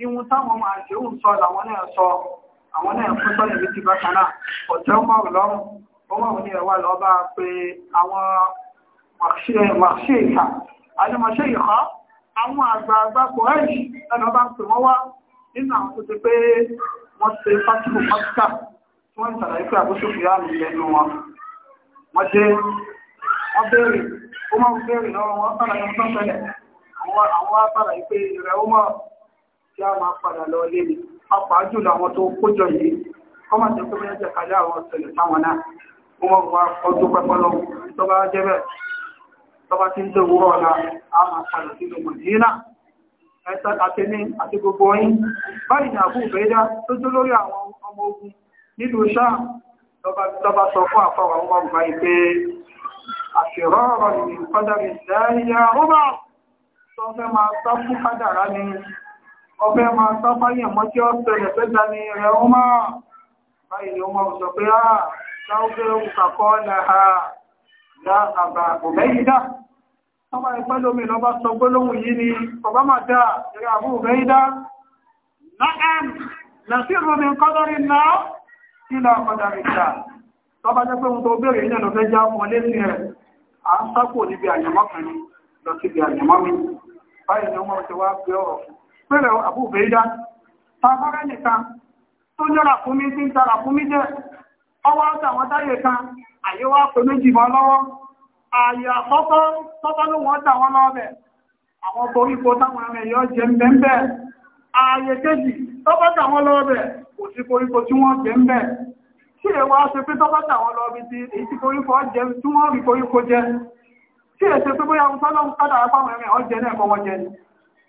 A: ihun táwọn ọmọ àdéhùn sọ làwọn náà sọ àwọn náà fún sọ́nà ibi ti bákan náà ọ̀tẹ́ ọmọ ọlọ́run ọmọ òní ẹ̀wà lọ bá pé àwọn wàṣẹ ìhà àjọmọṣẹ ìhà àwọn àgbààgbà kòhẹ́ẹ̀ṣì ẹ̀nà bá ń pè wọ́n wá nínú àwọn tó ti pé wọ́n ṣe fásitì pásítà tí wọ́n ń ṣàlàyé pé àbúṣe fìyà mi lẹ́nu àwọn wá sára ìpè ó máa tí a máa padà lọ lé ní pàápàá jùlọ àwọn tó kójọ yìí kọ́mọ̀ tó kó bẹ́ẹ̀ jẹ́ kalẹ́ àwọn ọ̀sẹ̀lẹ̀ táwọn náà ó mọ̀ wá ọdún pẹ́pọ́lọ́ tó bá jẹ́ bẹ́ẹ̀ tó bá ti ń dé wúrọ̀ ọ̀la a máa padà sínú mọ̀dínà ẹ̀sà àti ní àti gbogbo yín báyìí ní àbú ìbẹ́dá tó jó lórí àwọn ọmọ ogun nílùú sáà lọ́ba sọ fún àfọwà ọmọ ọgbà ìpé àṣìrọ́rọ̀ ìrìn kọ́dà ọbẹ̀ máa sáfáyẹ̀ mọ́ tí ó ṣẹlẹ̀ pẹ́ta ni rẹ̀ ó máa báyìí ó máa sọ pé ah, áà sáwọ́gbé òkàkọ́ láha láàbà òbẹ́yìdá ọmọ ìpẹ́ lómi lọ bá sọ gbólóhùn yìí ni ọba máa dá eré àbú òbẹ́yìdá náàm nàfí ìrọmi kọ́dọ́rí náà ìlà ọ̀kọ̀dàrí ta tọ́ba jẹ́ pé ohun tó béèrè ilẹ̀ lọ fẹ́ já wọn lẹ́sìn rẹ̀ à ń sápò níbi àyàmọ́ lọ síbi àyàmọ́ mi báyìí ni ó ti wá gbé ọ̀rọ̀ fún pẹ̀lẹ̀ àbúgbẹ̀ ìdá tàbárẹ́ nìkan tó jọ́ra fún mi tí ń tara fún mi jẹ́ ọwọ́ àtàwọn táyé kan àyíwá pé méjì mọ́ lọ́wọ́ ààyè àkọ́kọ́ tọ́tọ́ wọ́n tàwọn lọ́ọ̀bẹ̀ àwọn koríko táwọn ẹ̀mẹ̀ yọ jẹ mbẹ́mbẹ́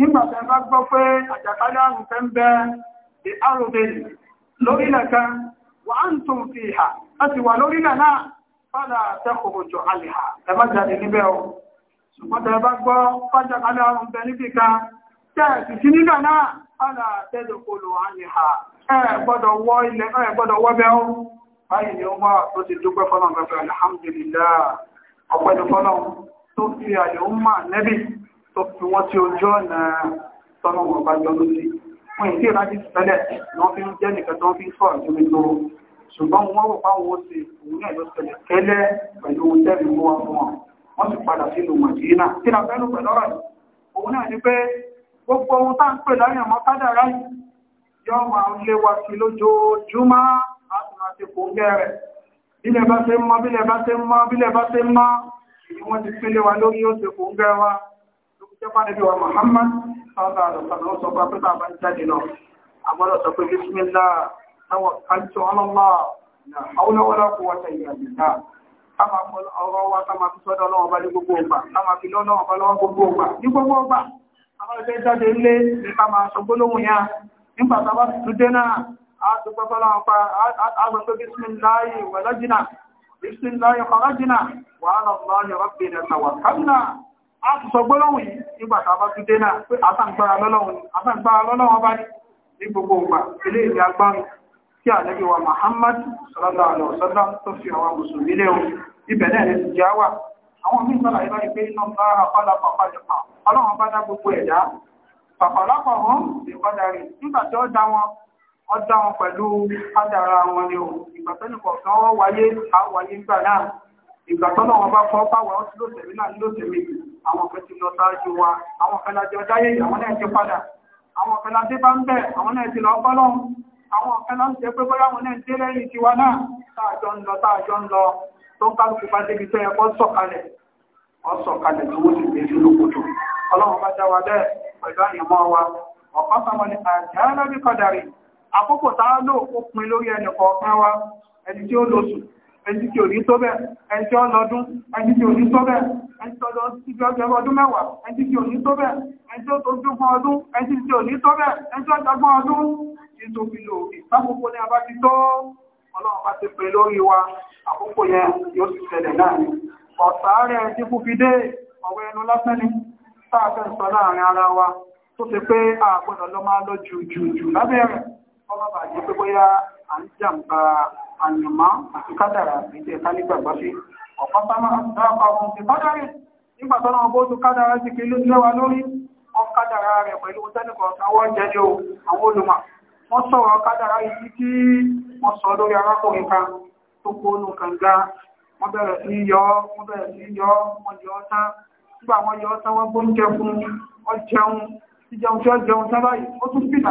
A: nígbàtà bá gbọ́ pé àjàkálẹ̀ àrùn tẹ́ ń di arúgbèrè lórílẹ̀ kan wà á ń tún fi ìhà láti wà lórílẹ̀ náà fádà tẹ́kọ̀ọ́jọ̀ àlìhà ẹ̀má níbẹ̀ o ṣùgbọ́n tẹ́ bá gbọ́ fájàkálẹ̀ àrùn bẹ níbi kan tẹ́ ó máa tó fi wọ́n tí ojú ọ̀nà tọ́nà wọn bá jọ lórí wọn ìdí ìrájí tẹ́lẹ̀ wọ́n fi ń jẹ́ nìkan tó fi ń sọ̀rọ̀ tó lórí ṣùgbọ́n wọ́n rò páwọn ó ṣe òun náà ló ṣẹlẹ̀ tẹ́lẹ̀ pẹ̀lú ohun tẹ́lẹ̀ mú wa fún wọn wọ́n sì padà sí ìlú màdínà tí na fẹ́ ló pẹ̀lú ọ̀rọ̀ yìí òun náà ni pé gbogbo ohun tá ń pè láyé àmọ́ kádàrá yìí yọ máa ń lé wa sí lójoojúmọ́ láti máa ṣe kò ń gẹ́rẹ̀ bílẹ̀ bá ṣe ń mọ́ bílẹ̀ bá ṣe ń mọ́ bílẹ̀ bá ṣe ń mọ́ ìwọ́n ti pínlẹ̀ wa lórí ó ṣe kò ń gẹ́rẹ̀ wa Tẹ́fánibí wa Muhammad, sallallahu alaihi wasallam, ó sọ pé pẹ́ta bá ń jáde lọ. Àgbọ́dọ̀ sọ pé Bísmílá, táwọn kàńtì ọlọ́lá, na haula wala quwwata illa billah. Ká máa fọ ọ̀rọ̀ wa ká máa fi sọ́dọ̀ ọlọ́wọ́ bá ní gbogbo ọgbà, ká máa fi lọ́nà ọba lọ́wọ́ gbogbo ọgbà, ní gbogbo ọgbà. Àwọn ìfẹ́ jáde ńlé a ti sọ gbọ́lọ́wùn yìí nígbàtà bá tún dé náà pé àtàǹgbára lọ́lọ́wọ́n bá ní ní gbogbo ìgbà ilé ìdí agbánu tí a lẹ́bí wa Muhammad sallallahu alaihi wasallam tó fi àwọn mùsùlùmí lé o ibẹ̀ náà lè jẹ́ wà àwọn mí sọ́lá ìbá ìpé iná bára pálá pàpá jẹpa ọlọ́wọ́n bá dá gbogbo ẹ̀dá pàpàlápọ̀ wọn lè kọ́dà rẹ̀ nígbà tí ó dá wọn ó dá wọn pẹ̀lú kádàrá wọn ni o àwọn kan ti lọ sáájú wa àwọn kan lájọ dáyé àwọn náà ti padà àwọn kan láti bá ń bẹ̀ àwọn náà ti lọ fọ́lọ́hun àwọn kan láti jẹ́ pé bóyá àwọn náà ti lẹ́yìn tiwa náà táàjọ ń lọ táàjọ ń lọ tó ń kálukú bá débi tó yẹ kó sọ̀kalẹ̀ ọ̀sọ̀kalẹ̀ tó wọ́n wa bẹ́ẹ̀ pẹ̀lú ẹni tí ò ní tó bẹ́ẹ̀ ẹni tí ó lọ́dún ẹni tí ò ní tó bẹ́ẹ̀ ẹni tí ó lọ sí ibi ọjọ́ ọdún mẹ́wàá ẹni tí ò ní tó bẹ́ẹ̀ ẹni tí ó tó dúgbọ́n ọdún ẹni tí ò ní tó bẹ́ẹ̀ ẹni tí ó dọ́gbọ́n ọdún tí tó fi lò rí lákòókò ní abá ti tó ọlọ́run bá ti pè lórí wa àkókò yẹn yóò ti ṣẹlẹ̀ láàrin ọ̀sàárẹ̀ tí kú fi dé ọ̀rọ̀ ẹnu lásán ni táàfẹ́ sọ láàrin ara wa tó ṣe pé àgbọ̀dọ̀ lọ máa lọ jù jù jù lábẹ́ ọmọ bàjẹ́ pé bóyá à ń jàǹbá àyànmá àti kádàrà ìjẹ́ kálígbàgbọ́ sí ọ̀pọ̀ sámà dáàpá ohun ti kádàrí nígbà tọ́nà ọgbọ́ tó kádàrá sí kí lẹ́wà lórí wọ́n kádàrá rẹ̀ pẹ̀lú tẹ́nìkọ̀ àwọ́ jẹ́jẹ́ o àwọn olùmọ̀ wọ́n sọ̀rọ̀ kádàrá yìí tí wọ́n sọ lórí arákùnrin kan tó kó onú kànga wọ́n bẹ̀rẹ̀ sí yọ wọ́n bẹ̀rẹ̀ sí yọ wọ́n yọ ọ́tá nígbà wọ́n yọ ọ́tá wọ́n gbóúnjẹ fún ọ jẹun tí ó jẹun sábà yìí ó tún fìlà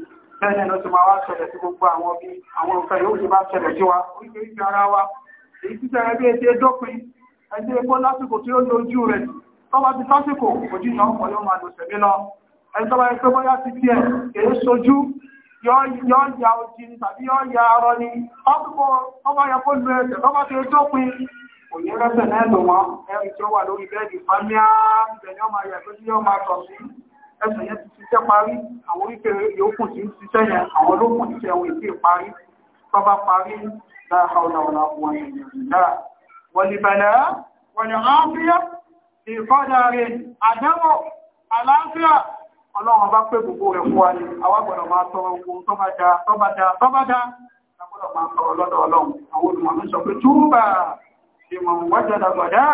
A: lẹ́yìn ló ti máa wá ṣẹlẹ̀ sí gbogbo àwọn bí àwọn òfẹ́ yóò ti bá ṣẹlẹ̀ sí wa oríṣiríṣi ara wa èyí ti ṣẹlẹ̀ bí epo lásìkò tí ó lo ojú rẹ̀ tọ́ba ti sásìkò ojú ìyá ọkọ̀ yóò máa lò sẹ̀mí lọ ẹni bóyá ti tiẹ̀ èyí sojú ya ojì tàbí ya arọ ni ọkọ̀ ti ni ẹsẹ̀ yẹn ti ṣiṣẹ́ parí àwọn oríkẹ́ yòókù tí ń ṣiṣẹ́ yẹn àwọn olókùn ti ṣẹ̀wọ̀n ìdí parí tọ́ba parí láàá ọ̀làwọ̀là wọn ìrìnlá wọ̀lìbẹ̀lẹ̀ wọ̀lìránfíà ìfọ́dàrí àdẹ́wò àlàáfíà ọlọ́run bá pé gbogbo rẹ̀ fún wa ni àwa gbọ́dọ̀ máa tọrọ ogun tọ́ba da tọ́ba da tọ́ba da lágbọ́dọ̀ máa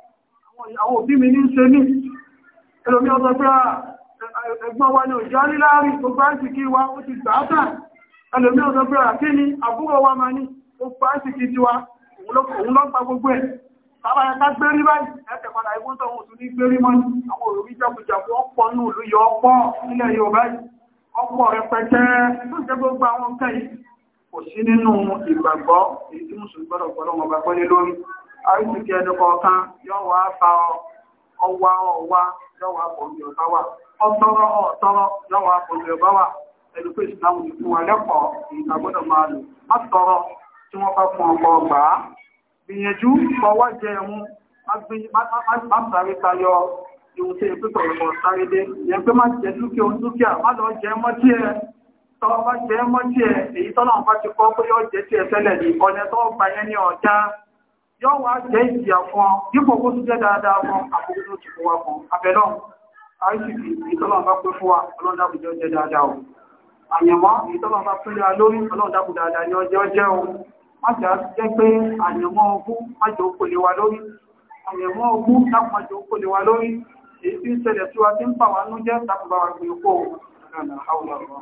A: àwọn òbí mi ní ṣe ní ẹlòmí ọ̀sọ̀ pé ah, ẹgbọ́n wa ni òjò ní láàrin gbogbo àìsìkí wa ó ti gbàátà ẹlòmí ọ̀sọ̀ pé àti ah, ní àbúrò wa ma ní gbogbo àìsìkí ti wa òun lọ́gbà gbogbo ẹ̀ sábà ẹ̀ká gbé rí báyìí ẹ̀tẹ̀ padà ìwọ́n tó wọn tún ní gbé rí mọ́ àwọn òrùbí jàkújàkú ọ̀pọ̀ ní ìlú yọ ọ̀pọ̀ nílẹ̀ Yorùbá yìí ọ̀pọ̀ rẹpẹtẹ tó jẹ́ gbogbo àwọn nǹkan yìí kò sí nínú ìgbàgbọ́ èyí tí mùsùlùmí gbọ́dọ̀ gbọ́dọ̀ wọn gbàgbọ́ lé lórí a ẹni kọ̀ọ̀kan yóò wá bá ọwá ọwá yóò wá pọ̀ ní ọ̀bá wà ọ̀tọ́rọ̀ ọ̀tọ́rọ̀ yóò wá pọ̀ ní ọ̀bá wà pé tọrọ tí wọ́n bá fún ọgbà á gbìyànjú fọwọ́ jẹ má sáré tayọ tí èpè sáré dé ìyẹn pé má jẹ dúkìá ohun dúkìá má lọ jẹ tí ẹ bá jẹ tí ẹ èyí bá ti kọ́ pé yóò yọ́ wá jẹ́ ìjìyà fún ọ dípò kó tún jẹ́ dáadáa fún àkókò tó ti fún wa fún abẹ́lọ́ àìsìkì ìtọ́lọ́n bá pé fún wa ọlọ́run dákun jẹ́ jẹ́ dáadáa o àyẹ̀mọ́ ìtọ́lọ́n bá pé lórí ọlọ́run dákun dáadáa ni ọjọ́ jẹ́ o má sì á jẹ́ pé àyẹ̀mọ́ ogún má jẹ́ ó kòlé wa lórí àyẹ̀mọ́ ogún dákun má jẹ́ ó kòlé wa lórí èyí tí ń ṣẹlẹ̀ tí wa ti ń bà wá nú jẹ́ dákun bá wa gbé e kó o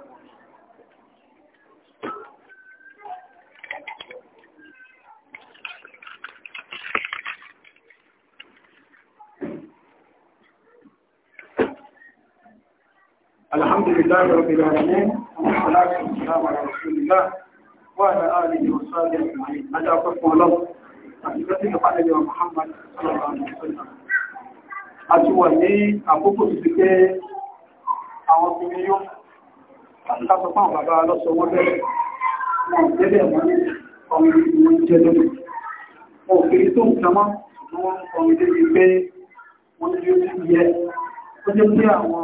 A: الحمد لله رب العالمين والصلاة والسلام على رسول الله وعلى آله وصحبه أجمعين أجا أقفوا له أجلتي قال لي محمد صلى الله عليه وسلم أتوى لي أقفوا بسكي أعوى بنيو أتوى فان بابا الله سوى لي Ìjẹ́lẹ̀ wọn ọmọ ìwọ̀n jẹ́ lórí. Òfin tó ń kàmá, wọ́n ọmọdé wípé wọ́n tí ó ti yẹ, ó jẹ́ pé àwọn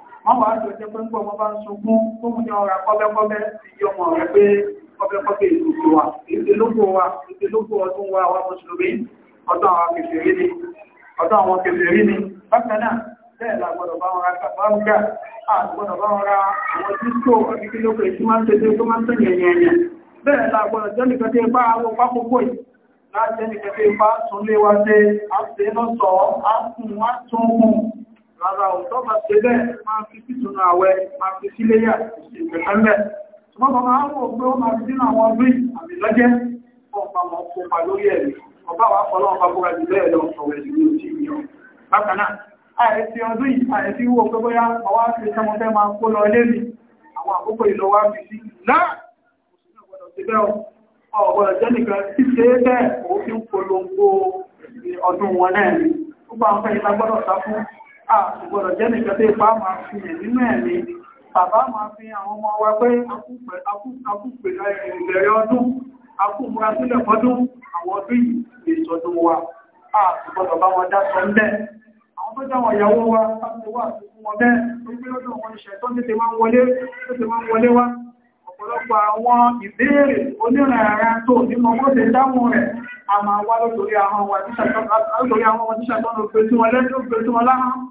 A: wọ́n wà jọ jẹ́ pé ń gbọ́ bá ń sunkún tó mú ní ọ̀rà kọ́bẹ́kọ́bẹ́ ìyí ọmọ rẹ̀ pé kọ́bẹ́kọ́bẹ́ ìlú wa ìdílógún wa ìdílógún ọdún wa wa mùsùlùmí ọdún àwọn kèfèrí ni bákan náà bẹ́ẹ̀ la bá wọn ra bá ń tẹ́lẹ̀ láti jẹ́ nìkan tún lé wa ṣe àti lọ́sọ̀ọ́ á kùn wá tún kùn rárá òótọ́ bá ṣe bẹ́ẹ̀ máa fi títún àwẹ̀ máa fi síléyà ìpẹ̀lẹ́mẹ̀ ṣùgbọ́n bàbá àwọn òpin ó máa fi sínú àwọn ọdún àmì lọ́jẹ́ fún ọ̀pá mọ́ kópa lórí ẹ̀rí ọba wa fọlọ́ ọba búra jù bẹ́ẹ̀ ọdún é bẹ́ẹ̀ òfin wọn náà ni gbogbo àwọn fẹ́ ìlà sá fún àgbọ̀dọ̀ jẹ́ nìkan tó ipá máa fi hàn nínú ẹ̀mí bàbá máa fi àwọn ọmọ wa pé akúpè ìbẹ̀rẹ̀ ọdún akúmúra sílẹ̀ fọ́dún àwọn ọdún ìṣọ́dún wa àgbọ̀dọ̀ bá wọn dá sọ ń bẹ́ẹ̀ àwọn tó jáwọn ìyàwó wa láti wà fún wọn bẹ́ẹ̀ tó gbé lọ́dọ̀ wọn ìṣẹ̀ tó ti máa ń wọlé wá ọ̀pọ̀lọpọ̀ àwọn ìbéèrè onírànrà tó nínú ọmọdé dáhùn rẹ̀ a máa wá lótorí àwọn ọmọ tíṣàtọ́nà pé tí wọ́n lẹ́jọ́ pé tí láhán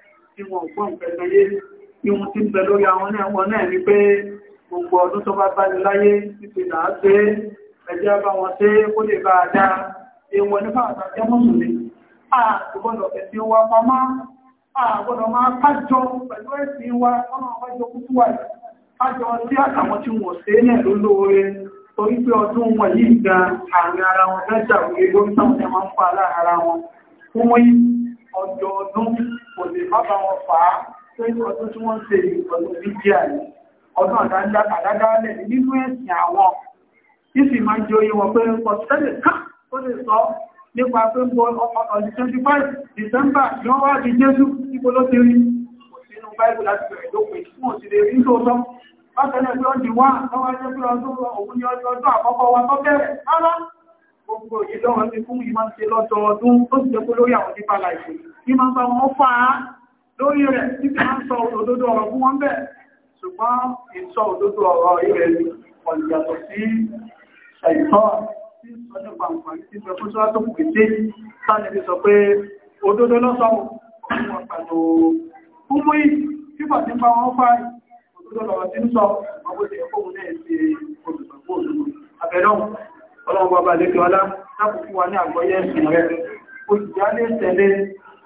A: tí wọ́n gbọ́n ìfẹ́sọ yé ihun tí ń bẹ lórí àwọn ẹ̀wọ̀n náà ní pé gbogbo ọdún tó bá bá ní láyé títí là á gbé ẹjẹ́ bá wọn ṣe kó lè bá a dá ewọ nípa àtàjẹ́ mọ́sùlùmí àgbọ́dọ̀ ẹ̀sí wa pamá àgbọ́dọ̀ máa kájọ pẹ̀lú ẹ̀sí wa ọmọ ọjọ́ kúkú wà kájọ sí àtàwọn tí náà ló lóore torí pé ọdún wọn yìí gan àárín ara wọn mẹ́jà òye lórí táwọn ẹ̀ ń pa láàárín wọn fún wọ́n yìí ọjọ́ ọdún kò lè má bá wọn fà tó ọdún tí wọ́n ṣe ọdún bíbíà yìí ọdún àdádálẹ̀ nínú ẹ̀sìn àwọn ìsì máa ń jẹ́ wọn pé ó lè sọ nípa pé bọ́ ọdún 25 December ni wọ́n wá di Jésù níbo ló ti rí kò sínú láti bẹ̀rẹ̀ lópin fún òsìlè rí gbogbo ìlọ́wọ́ ti fún ìmá ṣe lọ́dọọdún tó ti jẹ́kú lórí àwọn nípa láìsí ní máa ń bá wọn fà á lórí rẹ̀ títí máa ń sọ òdodo ọ̀rọ̀ fún wọn bẹ́ẹ̀ ṣùgbọ́n ìsọ òdodo ọ̀rọ̀ ilẹ̀ ọ̀yàtọ̀ sí ṣàìtọ́ sí ọdún pàǹpàǹ tí sọ fún sọ́wọ́ tó kù kété sáni fi sọ pé òdodo lọ́sọ̀ wọn pàtó ọlọ́run bàbá lè kíọ́lá láti fún wa ní àgbọ́yé ẹ̀sìn rẹ̀ ó sì já lè tẹ̀lé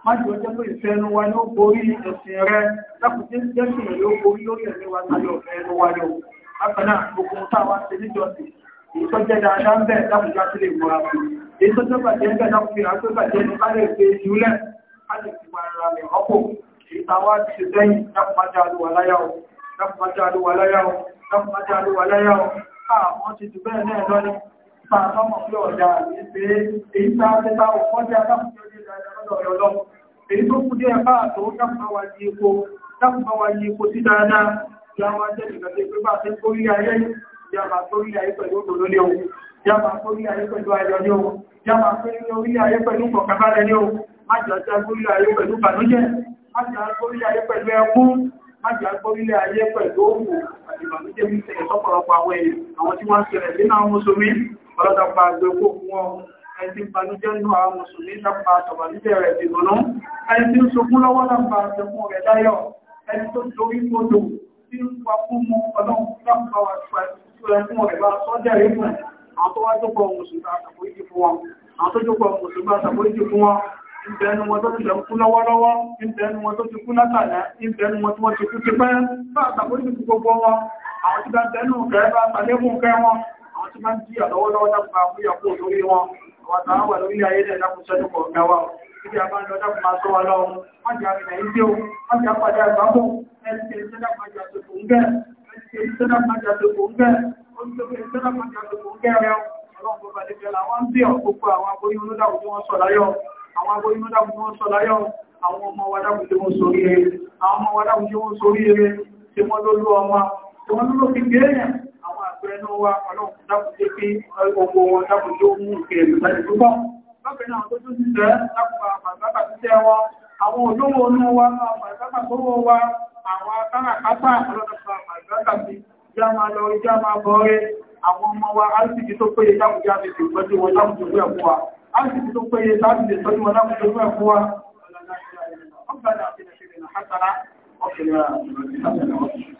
A: májì ọjọ́ pé ìfẹ́ ẹnu wa ní ó borí ẹ̀sìn rẹ̀ lákùnjẹ́ jẹ́sìn rẹ̀ ó borí lórí ẹ̀mí wa tàbí ọ̀fẹ́ ẹnu wa ní o bákan náà gbogbo táwa ṣe níjọsìn èyí tó jẹ́ dáadáa ń bẹ̀ lákùnjá sí lè múra sí èyí tó jẹ́ bàjẹ́ ń bẹ̀ lákùnjá tó bàjẹ́ ní ká lè gbé ìjúlẹ̀ ká lè fi máa ra rẹ̀ rọ́pò èyí táwa Fàtọ́mọ̀ tó ń rí ayé pẹ̀lú òdòdó lé ní ohun, ìyàbà tó rí ayé pẹ̀lú kọ̀kàbálẹ̀ má jẹ́ àgbórí ayé pẹ̀lú bànújẹ́, má jẹ́ àgbórí ayé pẹ̀lú ẹkún, àti ìbànújẹ́ mi tẹ̀yẹ̀ sọ́pọ̀lọpọ̀ àwọn èèyàn àwọn tí wọ́n ń ṣẹlẹ̀ nínú àwọn mùsùlùmí ọlọ́dọ̀pá àgbẹ̀kó fún wọn ẹni tí ń banújẹ́ nínú àwọn mùsùlùmí lápá àtọ̀bàlújẹ́ rẹ̀ dìgbònú ẹni tí ń sokún lọ́wọ́ lápá àtẹkùn rẹ̀ láyọ̀ ẹni tó torí mọ́dò tí ń wà fún mú ọlọ́run lápá àtẹkùn rẹ̀ bá sọ́jà rẹ̀ fún àwọn tó wá jókòó mùsùlùmí àtàkóríjì fún wọn àwọn tó jókòó mùsùlùmí àtàkóríjì fún wọn ìbẹ̀ẹ́nu wọn tó ti lọ kú lọ́wọ́lọ́wọ́ ìbẹ̀ẹ́nu wọn tó ti kú látàlá ìbẹ̀ẹ́nu wọn tó wọ́n ti kú ti pẹ́ bá àtàkóríjì fún gbogbo wọn àwọn tí bá tẹ́nu kẹ́ bá tàlẹ́kùn kẹ́ wọn àwọn tí máa ń jíyà lọ́wọ́lọ́wọ́ dákùnmá fúyà kó lórí wọn àwọn àtàwọn lórí ayé náà dákùn kọ̀ ọ̀gá wa ibi àbá lọ dákùn máa sọ wa lọ wọn jà rìn náà ilé o wọn jà padà àgbábọ ẹni tí ẹni sẹ́dá máa jà tó kò ń gẹ́ tí ẹni sẹ́dá máa jà tó kò ń gẹ́ tí ẹni sẹ́dá máa jà tó kò ń gẹ́ rẹ ọlọ́run bọ́ba lè wọ́n ń bí ọ̀pọ̀ àwọn tí wọ́n sọ láyọ̀ àwọn aboyún tí wọ́n sọ tí wọ́n sórí tí wọ́n sórí tí wọ́n lólú tí wọ́n àwọn àgbẹ̀ẹ́nú wa ọlọ́pùn dákùnjẹ́ pé ọgbọ̀ wọn dákùnjẹ́ ó mú ìkẹrẹ̀ ìgbẹ̀rẹ̀ púpọ̀ lọ́pẹ̀ náà tó tún sí jẹ́ lápùpà àgbàgbà títẹ́ wọn àwọn olówó onú wa àgbàgbà tó wọ́ wa àwọn akáràkápá ọlọ́dọ̀pọ̀ àgbàgbà sí já máa lọ já máa bọ́ọ̀rẹ́ àwọn ọmọ wa alìsìkì tó péye dákùnjẹ́ àti ìtọ́jú wọn dákùnjẹ́ ẹ̀kú wa alìsìkì tó péye dákùnjẹ́ ìtọ́jú àti ìṣẹ̀lẹ̀